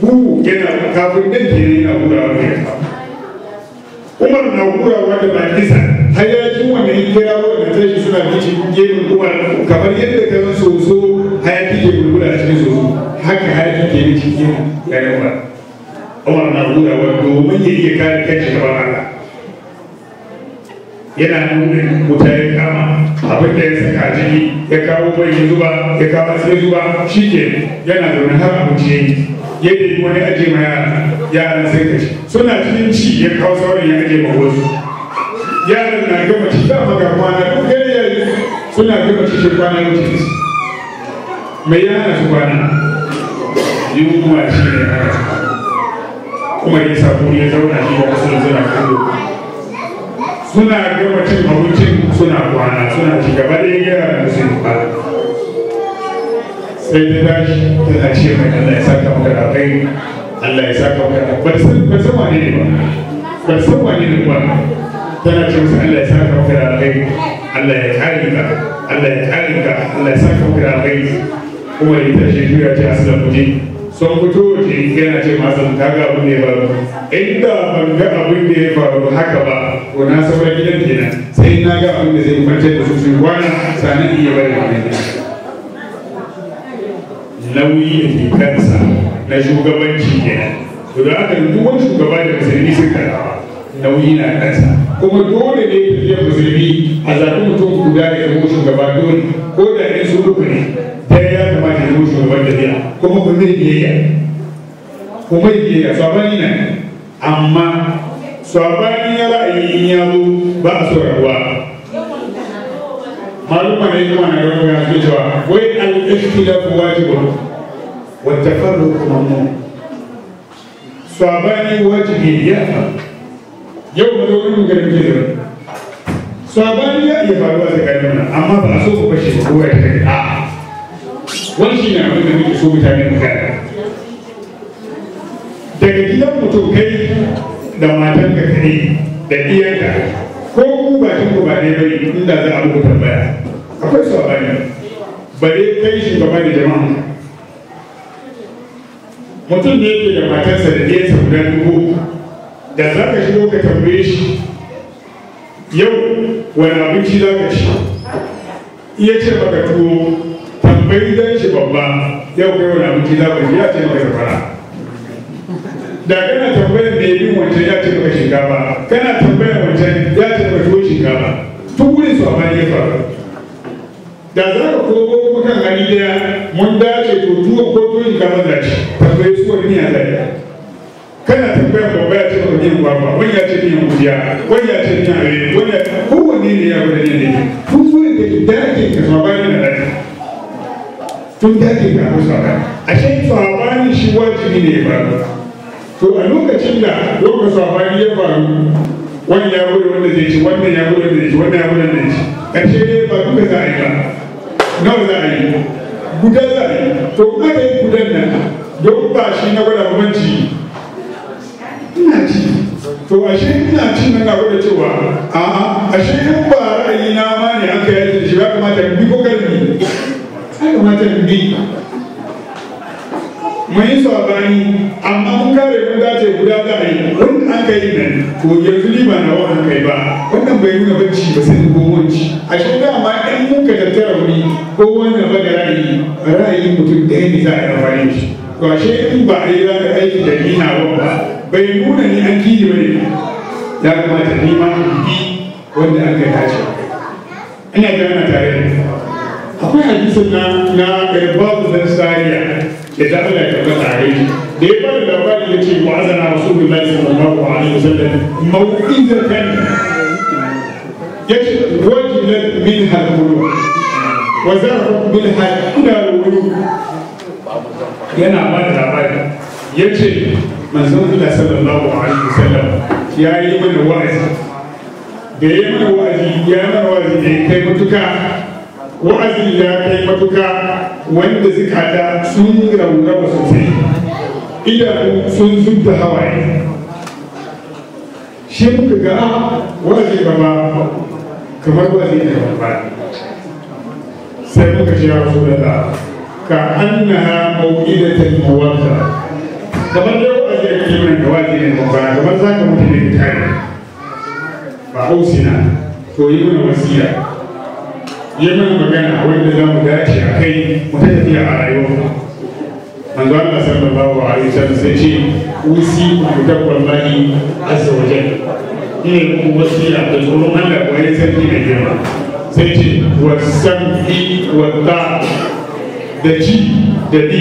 ku yana kafin ɗan ke yana hurawa da yasa umar na hurawa da bakisa hayakin wanda ya kira wanda tashi suna fice gemin umar kamar yadda ka zan soso hayaki ke bulbula a cikin soso haka hayaki ke yi cikin gare umar umar na hurawa domin ya iya kare kanshi gaban Allah yana nuna wuta ya kama abin da ya saka a ya kawo bai zuba ya kawo sai zuba shi ke yana zaune har abinci ya yi ya yi wani aje ma yara yaran sai ka ci suna cikin ci ya kawo sauran ya aje ma wasu yaran na gama ci ta maka kwana ko gani ya suna gama ci shi kwana ya ci mai yana su kwana yunwa shi ne haka kuma yi sabu ya zauna shi ya da suna kudu suna gama cin abincin suna kwana suna ci gaba da yaran da su kwana sai ta tashi tana ce mai Allah ya saka maka da kai Allah ya saka maka da ba san ba san wane ne ba ba san wane ne ba tana ce masa Allah ya saka maka da kai Allah ya kare ka Allah ya kare ka Allah ya saka maka da kai kuma ya tashi juya ce asalamu alaikum sun fito waje yana ce masu ga abin da ya faru inda ban ga abin da ya faru haka ba ko na sauran gidan kenan sai na ga abin da zai kwantar da su sun kwana sanan iya bari wani nauyi da ke kansa na shugabanci kenan to da haka duk wani shugaba da musulmi sun karawa nauyi na kansa kuma dole ne tafiyar musulmi a zaɓi mutum guda da ya zama shugaba dole ko da ne su uku ne da ya kamata ya zama shugaban tafiya kuma ku zai biyayya ku mai biyayya sabani na amma sabani na ra'ayi in ya zo ba a so rabuwa Malu ma ne ne ma ne yɔrɔ dɔn ya fi ɗin ne ba Wai al'adisida ku waji bolo. Wajen al'oɗo kuma mun. Suwa Bani wajen ke iya. da wajen kɛ ne ba. ya iya faruwa ta kayan naman amma ba su ko bashi ko waya ka taɓa da ba. Washi na ɗan ɗanin su bi ta min fyaɗe. Daga gidan butokin da matan ka taɓi da iyayar ko ku bakin ku ba ɗaya bane inda za a muku tambaya akwai sabani ba dai kai shugaba da jama'a mutum ne yake da matarsa da ɗiyansa guda dubu da za ka shigo ka tambaye shi yau wani abinci za ka ci iya ce baka tuwo tambayi dan shi babba yau kai wani abinci za ka ci ya ce maka fara da kana tambayar da yi wancan ya ce maka shinkafa kana tambayar wancan ya ce maka tuwo shinkafa tun wurin su amma ya faru da za ka kogo kuma kan gani daya mun dace to tuwo ko tuwo shinkafa da shi tambayi su wani ya zai kana tambayar babba ya ce maka miyan kwakwa wani ya ce miyan kudiya wani ya ce miyan rere wani ya kowanne ne ya wani ne tun wurin da ke dace ka zama bayan da dace tun dace ka zama bayan ashe sabani shi wajibi ne ba to a lokacin da lokacin sabani ya faru wani ya gudu wanda zai ci wannan ya gudu wanda zai ci wannan ya gudu wanda zai ci ƙarshe ne ba duka za a yi ba nawa za a yi gudan za a yi to kuma da yi gudan nan don ba shi na gwada mamanci ina ci to a shi ina ci nan na gwada cewa a a shi in ba ra'ayi na ma ne aka yi shi ya kamata in bi ko kalmi ya kamata in bi mun yi sabani amma aka nan ko yanzu ba nawa aka kai ba wannan bai nuna bacci ba sai ko wanci a shi dama in muka tattara wuri ko wannan ba da ra'ayi ra'ayin mutum ɗaya ne za a yi amfani shi to ashe in ba a yi ka aiki da ni na ba bai nuna ni an kiri ba ne ya kamata ni ma bi wanda an yi tashi ina gana tare da akwai hadisin na na eh, babu zan sariya ya Allah ya tabbata a gari da ya bada labari ya ce wa azana wasallam ya ce min wa yana ba da labari ya ce manzon Allah sallallahu alaihi wasallam ya yi mana wa'azi da ya mana wa'azi ya mana wa'azi da ya kai matuka wa'azin ya kai matuka wanda da sun raunaba sosai idanu sun zubta hawaye shi muka ga ah, ba ba, kamar zai ne ba sai muka ce ya su da ka annaha yi muwadda kamar yau a zai yi mana da wajen ne ba kamar za ka mutu ne yi ba hausina to yi mana wasiya ya mana magana wanda za mu dace a kai mu ta tafiya a rayuwa manzo Allah sallallahu alaihi wasallam sai ce usi ku tabballahi azza wa jalla ne ku wasiya da tsoron Allah ko ne sarki da girma sai ce wa sam'i wa ta da ji da bi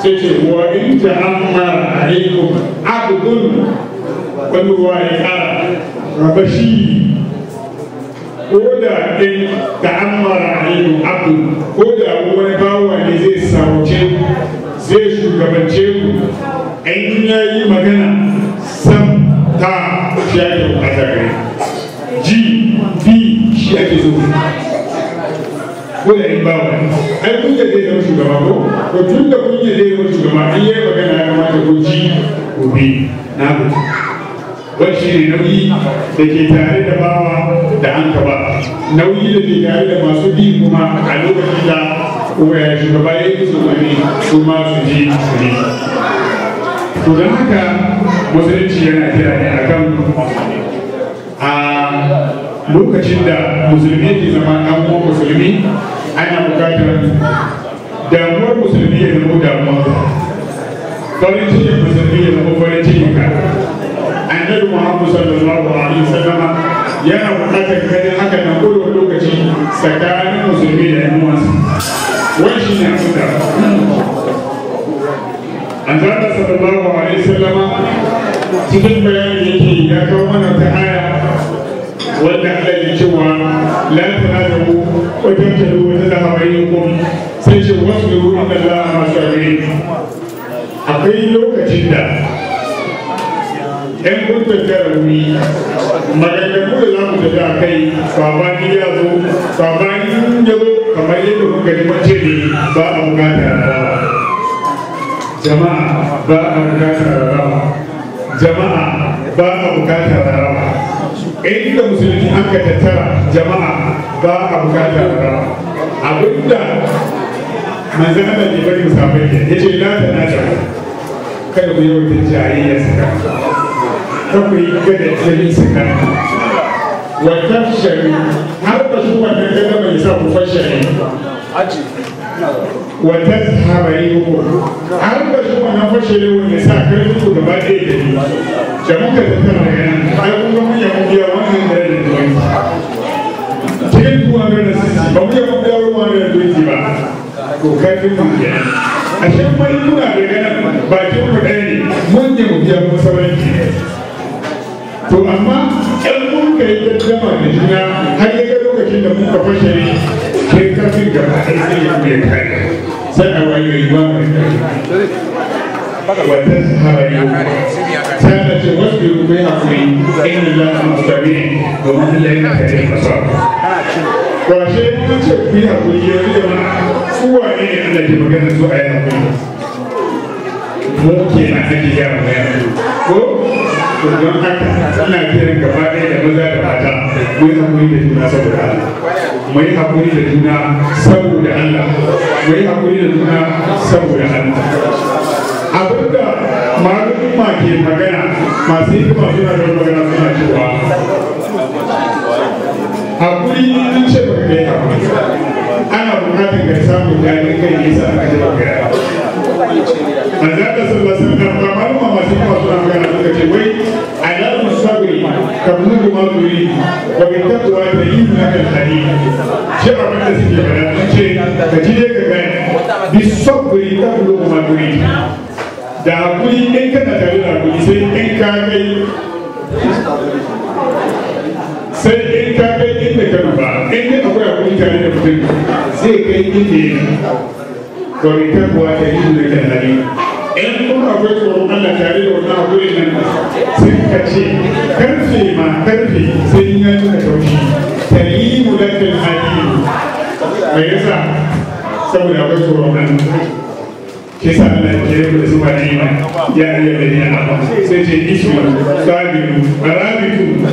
sai ce wa in ta'ammara alaikum abdun wani wa ya rabashi ko da in da an mara aliyu abu ko da wani bawa ne zai samuce zai shugabance ku in ya yi magana sam ta shi ake bukata gare ji bi shi ake so ko da in bawa ne ai kun da zai zama shugaba ko ko tun da kun da zai zama shugaba in ya yi magana ya kamata ko ji ko bi na mutu wani shi ne nauyi da ke tare da bawa da an ba nauyi da ke tare da masu bi kuma a lokacin da shugaba ya yi su wani su ma su ji su ne to don haka musulunci yana kira ne a kan a lokacin da musulmi ke zama ɗan kuma musulmi ana buƙatar damuwar musulmi ya zama damuwa farin cikin musulmi ya zama farin cikin ka annabi muhammad sallallahu alaihi wasallam yana bukatar ganin haka na kowane lokaci tsakanin musulmi da yan uwansa wani shi ne abuka annabi sallallahu alaihi wasallam cikin bayani yake ya kawo mana ta aya wanda Allah ya cewa la tanadu wa tantalu wa tadahabayukum sai ce wasu ruhu Allah ma akwai lokacin da yan gurbe ta rauni maganganu da za mu tafi a kai sabani ya zo sabani ya zo kamar yadda kuka ji mace ne ba a bukata rawa jama'a ba a bukata rawa jama'a ba a bukata rawa inda musulunci an ka tattara jama'a ba a bukata rawa abinda manzan Allah ke bari musafai ya ce na ta na kada ku yi wa jayayya tsakanin kakwai ga da tsari su kan wata shari har da su wata gaga mai sa ku fashari wata habari ko har da su wata fashari wani sa karfi ku gaba ɗaya da ni jama'a da tana yana ai kuma mun yamu biya wannan da da ni kin kuma ga da sisi ba mu yamu biya wannan da ni ba to kafin mu kenan ashe mun muna da ganin bakin ku ɗaya ne mun yamu biya mun sauran ki to amma ɗan mulka ya ta jama da juna har yi ga lokacin da muka fashe ne ke kafin da ba a sai ya mai kai sai a wayo yi ba mai kare wata sahara yau sai da ce wasu yi kuma ya kuri ina da su tabi domin Allah yana kare masa kwashe ya ce ku yi hakuri ya yi jama kuwa ne ya Allah ke magana su a yi hakuri mu ke na ake gyara bayan ko to don haka ina kiran gaba ɗaya da maza da mata mu yi hakuri da juna saboda Allah mu yi hakuri da juna saboda Allah mu yi hakuri da juna saboda Allah abinda malamin ma ke magana masu yi kuma suna da magana suna cewa hakuri an ce ba ka kai hakuri ana bukatar ka samu daɗin kai ne sa aka ce ba kai hakuri manzan da sun basu da malama masu yi kuma suna magana suka ce wai تبلغ ما تريد ومن تقوى تجيب لك الحديد شيء من الذي بلغ شيء كجيلك كان بالصبر تبلغ ما تريد da hakuri in kana tare da hakuri sai in ka kai sai in ka kai inda ka nufa in ne akwai hakuri tare da mutum zai kai inda ya nufa domin tabuwa ta yi da kan hali in kuma akwai tsoron Allah tare da wani abu nan sai ka ce karfe ma karfe sai in yi nuna taushi talimu lakal hadimu me yasa saboda akwai tsoron Allah ke Allah ke yi da zuwa ne ma ya iya ne a sai ce ishu sabiru barabitu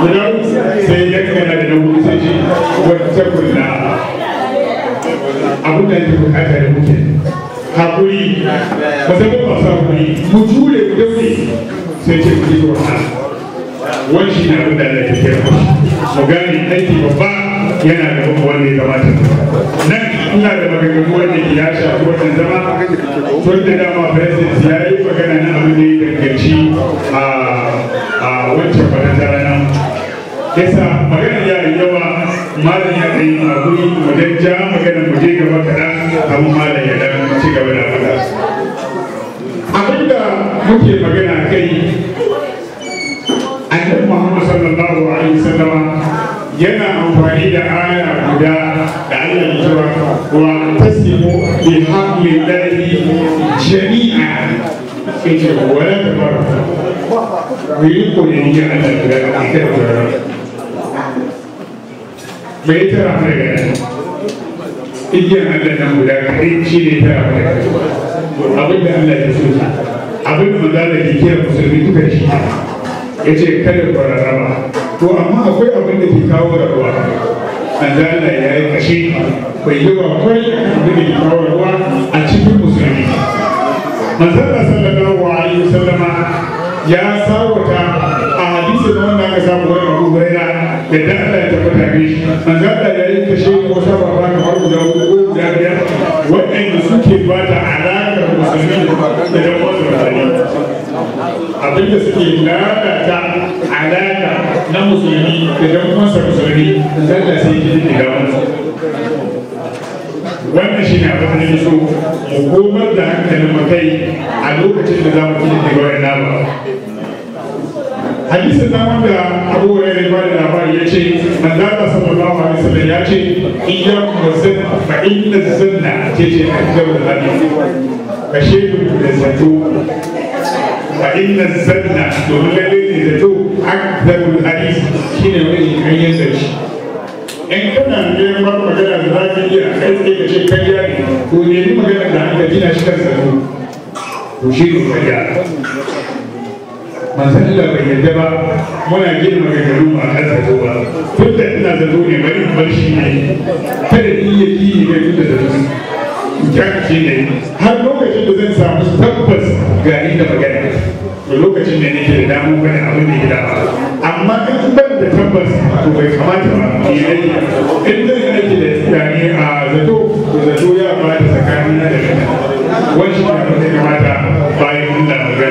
guda sai ya kana da nabu sai ce wata kulla abin da ya bukata da muke hakuri ba sai kuma sa hakuri mu jure mu sai ce ku ji tsoron wani shi ne abin da Allah ya aiki babba yana da kuma wanda ya kamata nan ina da maganganu wanda ya shafi wannan zama tun da dama president ya yi magana na abin da ya a wancan fatattara nan yasa magana ya yi yawa malam ya kai a guri wajen ja magana mu je gaba kaɗan abu malam muke magana kai annabi Muhammad sallallahu alaihi wasallama yana amfani da aya guda da Allah ya tura wa tasimu bi hablillahi jami'a kace wala tabaraka ku yi koyi ne Allah ya tura ka tura me ya tara mai gani igiyan Allah nan guda kai shi ne tara mai abin da Allah ya tura abin da ke kira musulmi duka shi ya ce kada ku rarraba to amma akwai abin da ke kawo rabuwa manzala ya yi kashe bai yi wa kwarai abin da ke kawo rabuwa a cikin musulmi manzala sallallahu alaihi wasallama ya sawata a hadisi da wanda aka samu wani abu gaira da da Allah ya tabbata ne manzala ya yi kashe ko saba ba kamar guda uku guda biyar waɗanda suke ba da ala musulmi da abinda suke lalata alaka na musulmi da ɗan wasu musulmi lalla sai ki ji da wasu wannan shi ne abin da so mu komar da hankalin mu kai a lokacin da za mu ji da wani nama hadisin zaman da abu wa yare bada labari ya ce manzala sallallahu alaihi wasallam ya ce iyyakum wa zinna fa inna zinna ce ce a cikin hadisi فشيء من الزيتون فإن الزبنة domin lalle ne da to akdarul hadis shine wani kayan sarki in kana neman magana da za ka iya kai tsaye ka ce kai ya ne ko to nemi magana da aka gina shi kan zato, to shi ne kai ya manzan Allah bai yadda ba muna gina maganganu ba kan zato ba tun da ina zato ne bari bar shi ne kada ni ya yi ne tun da zato tashi na yi har lokacin da zan samu tabbas gari da magana to lokacin da nake da damu kada abin da gida ba amma in ban da tabbas to bai kamata ba in zan aiki da gari a zato zato ya ba da tsakanin da wani shi ne kamata bayan Allah magana ga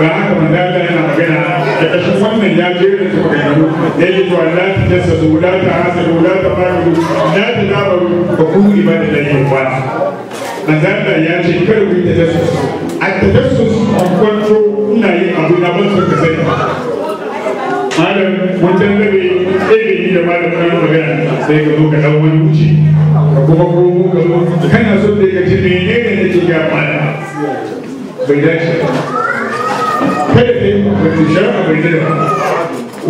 haka manzala yana magana da ƙashin wannan ya jera su maganganu da yake cewa la ta jasa la ta hasa la ta fara la ta dabaru ba ku iman manzana ya ce kar ku yi tajassus a tajassus a kwanto ina yin abu na ban son ka sani malam wancan rabe ilimi da malam kan magana sai ka zo ka dan wani wuce ka kuma ko komo ka zo kana so da ka ce ne ne menene nake ga malam bai dace kada ne ka ta shara bai da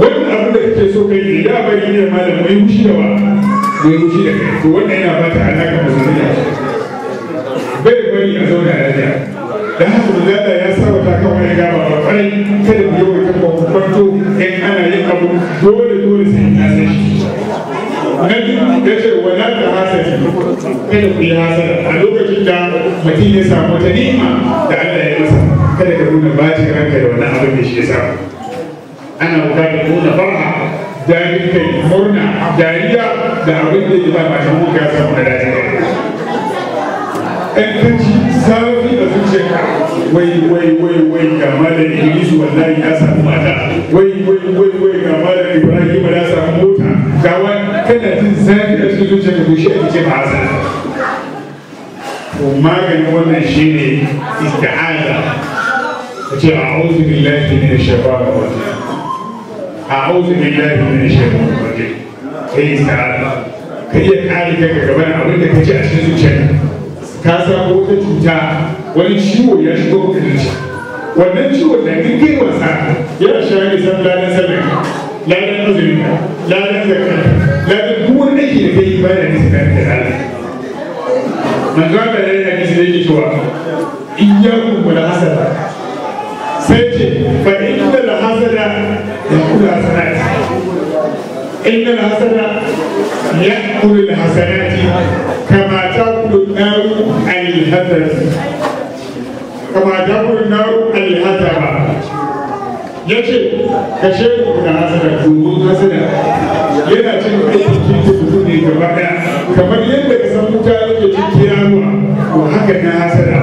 wannan abu da kake so kai ne da bari ne malam mai wuce da ba mai wuce da kai to wannan yana fata alaka ba zuriya bai da bari a zauna lafiya da haka da Allah ya sarrafa kan wani gaba ba kwarai kada mu yau ta kwakwanto in ana yin abu dole dole sai ta san shi na biyu ya ce wala ta hasari kada ku yi hasara a lokacin da mutum ya samu ta ni'ima da Allah ya masa kada ka nuna bacin ranka da wannan abin da shi ya samu ana bukatar nuna farha dalilin murna dariya da abin da ya ba ba ta muka samu da dace in ka ci zarafi da zuciyarka wai wai wai wai ga malam Idris wallahi ya samu mata wai wai wai wai ga malam Ibrahim ya samu mota ga wani kana jin zafi a cikin zuciyarka to shi A ce hasa to maganin wannan shine isti'aza ka ce a'udhu billahi minash shaitanir rajim a'udhu billahi minash shaitanir rajim kai isti'aza kai ya kare kanka gaban abin da kace a cikin zuciyarka ka samu wata cuta wani ciwo ya shigo kuɗinci wannan ciwon da duk kai wasa ya shayar da san ladan sallah ladan azumi ladan zakka ladan duk wani aiki da yi ba da nisa da Allah manzo Allah ya yi hadisi da In cewa ku wal hasara sai ce fa inna al hasada yaqulu hasara inna al hasada hasara al ka ya ce ka shaidu ku da hasada domin hasada yana cin aikin cikin mutum ne gaba daya kamar yadda ka san wuta ke cin kiyanuwa ko haka na hasada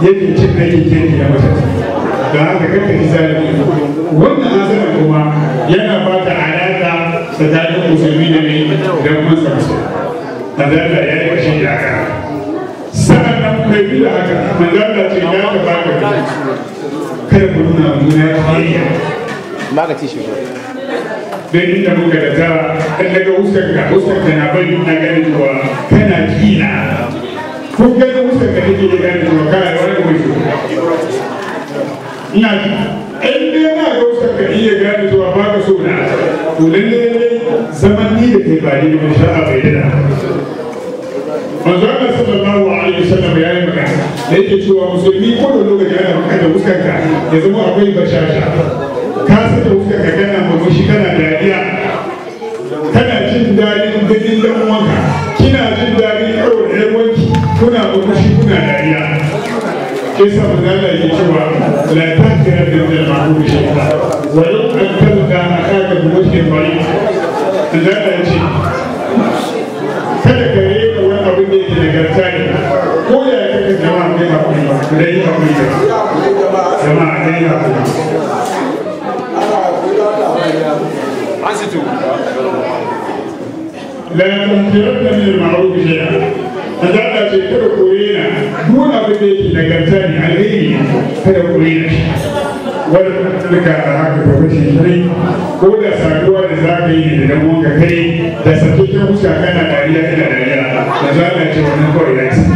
yake cin aikin cikin ya mace da haka kanka ji zalimi wannan hasada kuma yana ba ta alaƙa tsakanin musulmi da mai da kuma sarsu azalla ya yi kashi da haka sa'an nan kai bi da haka manzala ce ya ta ba ka kada ku nuna nuna yi ba ka ci shi don inda muka da tara dan daga huskar ka huskar ka na bari na ganin cewa kana kina ko ganin huskar ka take da ganin cewa kana da wani wuri ina ji in dai na ga huskar ka iya ganin cewa ba ka so na to lalle zaman ni da kai ba ni da sha'a bai da manzo Allah sallallahu alaihi wasallam ya yi magana da yake cewa musulmi ko da lokaci ana maka da fuskarka ya zama akwai bashasha ka saka fuskarka kana murmushi kana dariya kana jin daɗin ganin dan uwanka kina jin daɗin karo da yan wanki kuna murmushi kuna dariya ke sa manzo Allah ya cewa la takira bil ma'ruf shay'a wa in an tabqa akaka bi wajhin barid Allah ya ce jama'a da yake nagarta ne alheri kada ku rena shi wani tuka da haka ko da saduwa da za ka yi ka kai da sake ta wuce kana dariya kana dariya da Allah wannan kawai ya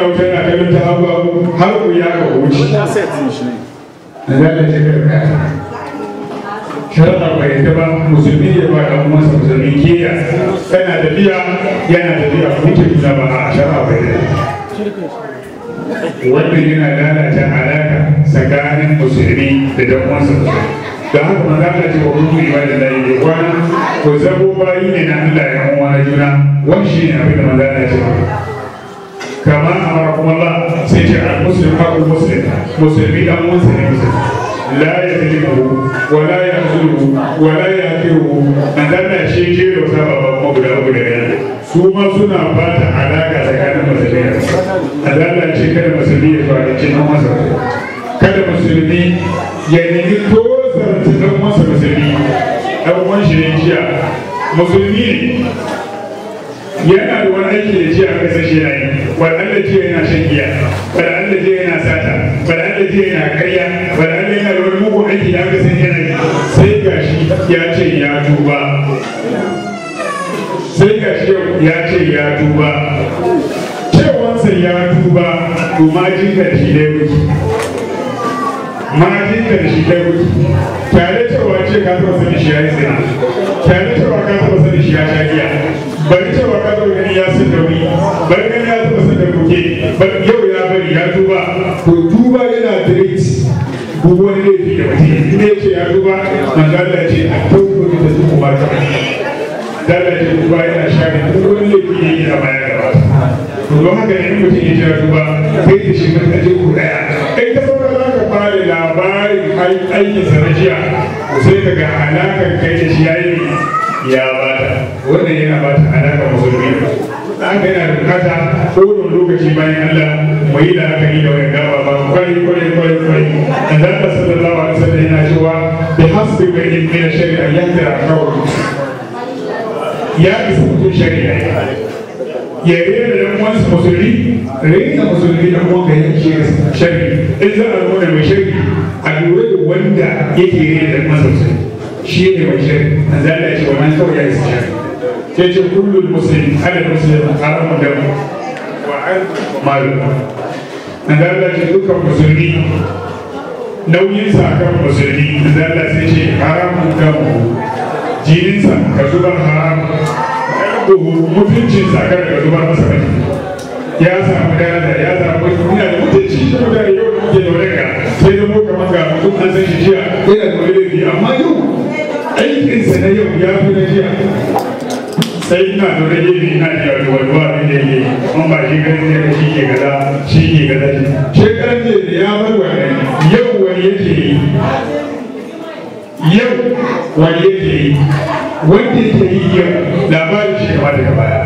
set din ba musulmi ya ba masa musulmi yana tafiya tafiya wannan yana lalata alaka tsakanin musulmi da dan uwansa da haka maza Allah ce wa rubu ibadin da kwana ko zabo bayi ne na Allah ya uwa juna wani shi ne abin da maza ce kamar kuma Allah sai ce al muslim haqqul muslim musulmi dan uwansa ne musulun. musulmi la yadlimu wa la yahzuru wa la yaqiru annabi shi ke da saba ba kuma guda uku da yana su ma suna bata alaka tsakanin musulmi Allah ce kada musulmi ya fara cin masa kada musulmi ya nemi tozar ta dan masa musulmi dan uwan shi ne jiya musulmi ne yana da wani aiki da jiya kai sai shi yayi bar Allah jiya yana shan giya bar Allah jiya yana sata bar Allah jiya yana karya bar Allah yana da wani mugun aiki da aka san yana yi sai gashi ya ce ya duba. sai gashi ya ce ya tuba cewansa ya duba to majinka da shi dai wuce majinka da shi dai wuce tare cewa ce ka taɓa sani shi ya yi tsina tare cewa ka taɓa sani shi ya sha giya bari cewa yau ya bari ya tuba ko tuba yana direct ko wani ne da mutum ne ce ya tuba manzo Allah ce a tauba da zuwa ba ta dala ce tuba yana share ko wani laifi ne yana baya da ba to don haka ne mutum ya ce ja tuba kai da shi kan je ku daya kai ta saboda za ka fara labarin aikin sa na jiya sai ka ga alakan kai da shi yayi ya bata wannan yana bata alakan musulmi da aka da bukata kowane lokaci bayan Allah mu yi da aka yi da wani gaba ba kwarai kwarai kwarai kwarai da zaka sallallahu alaihi wasallam yana cewa bi hasbi ka in min shari'a yahtara kawai ya isa mutum shari'a ya rera da uwansa musulmi rera musulmi da uwanka ya ce shari'a in za a nuna mai shari'a a lura da wanda yake rera da uwansa musulmi shi ne mai shari'a zalla ya ce wa man kawai ya isa shari'a ya ce kullum musulmi ala musulmi a haramun da wa an malu na zalla ce dukkan musulmi nauyin sa kan musulmi na sai ce haramun da jininsa ka zubar haram ɗarɗuhu mutuncinsa kar ka zubar masa kai ya samu daraja ya samu ina da mutunci shi da yau da muke da sai da muka maka mutum an san shi jiya yana amma yau aikinsa na yau ya fi na jiya sai ina dole ilimi ina da walwa abin ne yake an ba shi gani ne shi ke gada shi ke gada shi shekaran ne da ya bar wani yau wani yake yi yau wani yake yi wanda yake yi yau labarin shi kama daga baya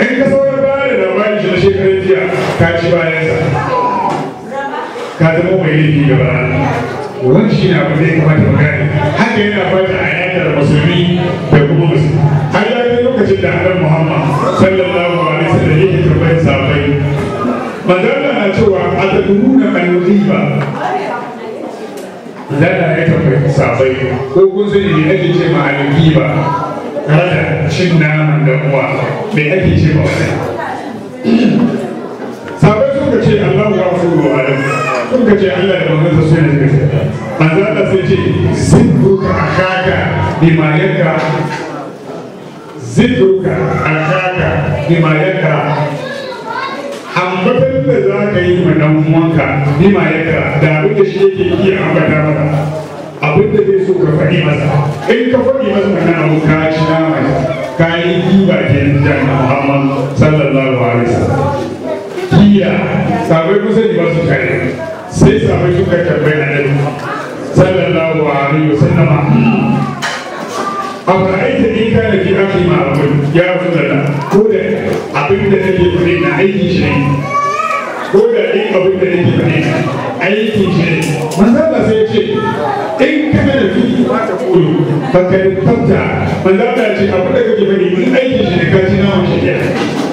in ka saurar baya da labarin shi na shekaran jiya ka ci sa ka zama mai laifi gaba wani shi ne abin da ya kamata mu gani haka yana fata a yakar musulmi da kuma musulmi lokacin da annabi muhammad sallallahu alaihi wasallam yake tambayar sahabbai manzon na cewa a tadununa an yuziba lada ya tambayi sahabbai ko kun sani ne ake ce ma al-ghiba rada cin naman da uwa me ake ce ma wannan sahabbai ka ce Allahu wa rasuluhu alam ka ce Allah da manzon sa ne suka sai ce sibbuka akaka bima ziduka akaka himayaka ambatan da za ka yi ma dan uwanka himayaka da abin da shi yake iya ambata maka abin da zai so ka faɗi masa in ka faɗi masa wannan abu ka ci nama ka yi kiba ke jan Muhammad sallallahu alaihi wasallam kiya sabai kusa ba su kare sai sabai suka tambayi annabi sallallahu alaihi wasallama أفرأيت إن كان في أخي معروف يا رسول الله كودا أبدا نبي فرينا أي شيء كودا إن أبدا نبي فرينا أي شيء مثلا سيشي إن كان في ما تقول فكذبت من لا يأتي أبدا نبي فرينا أي شيء كاتنا وشيئا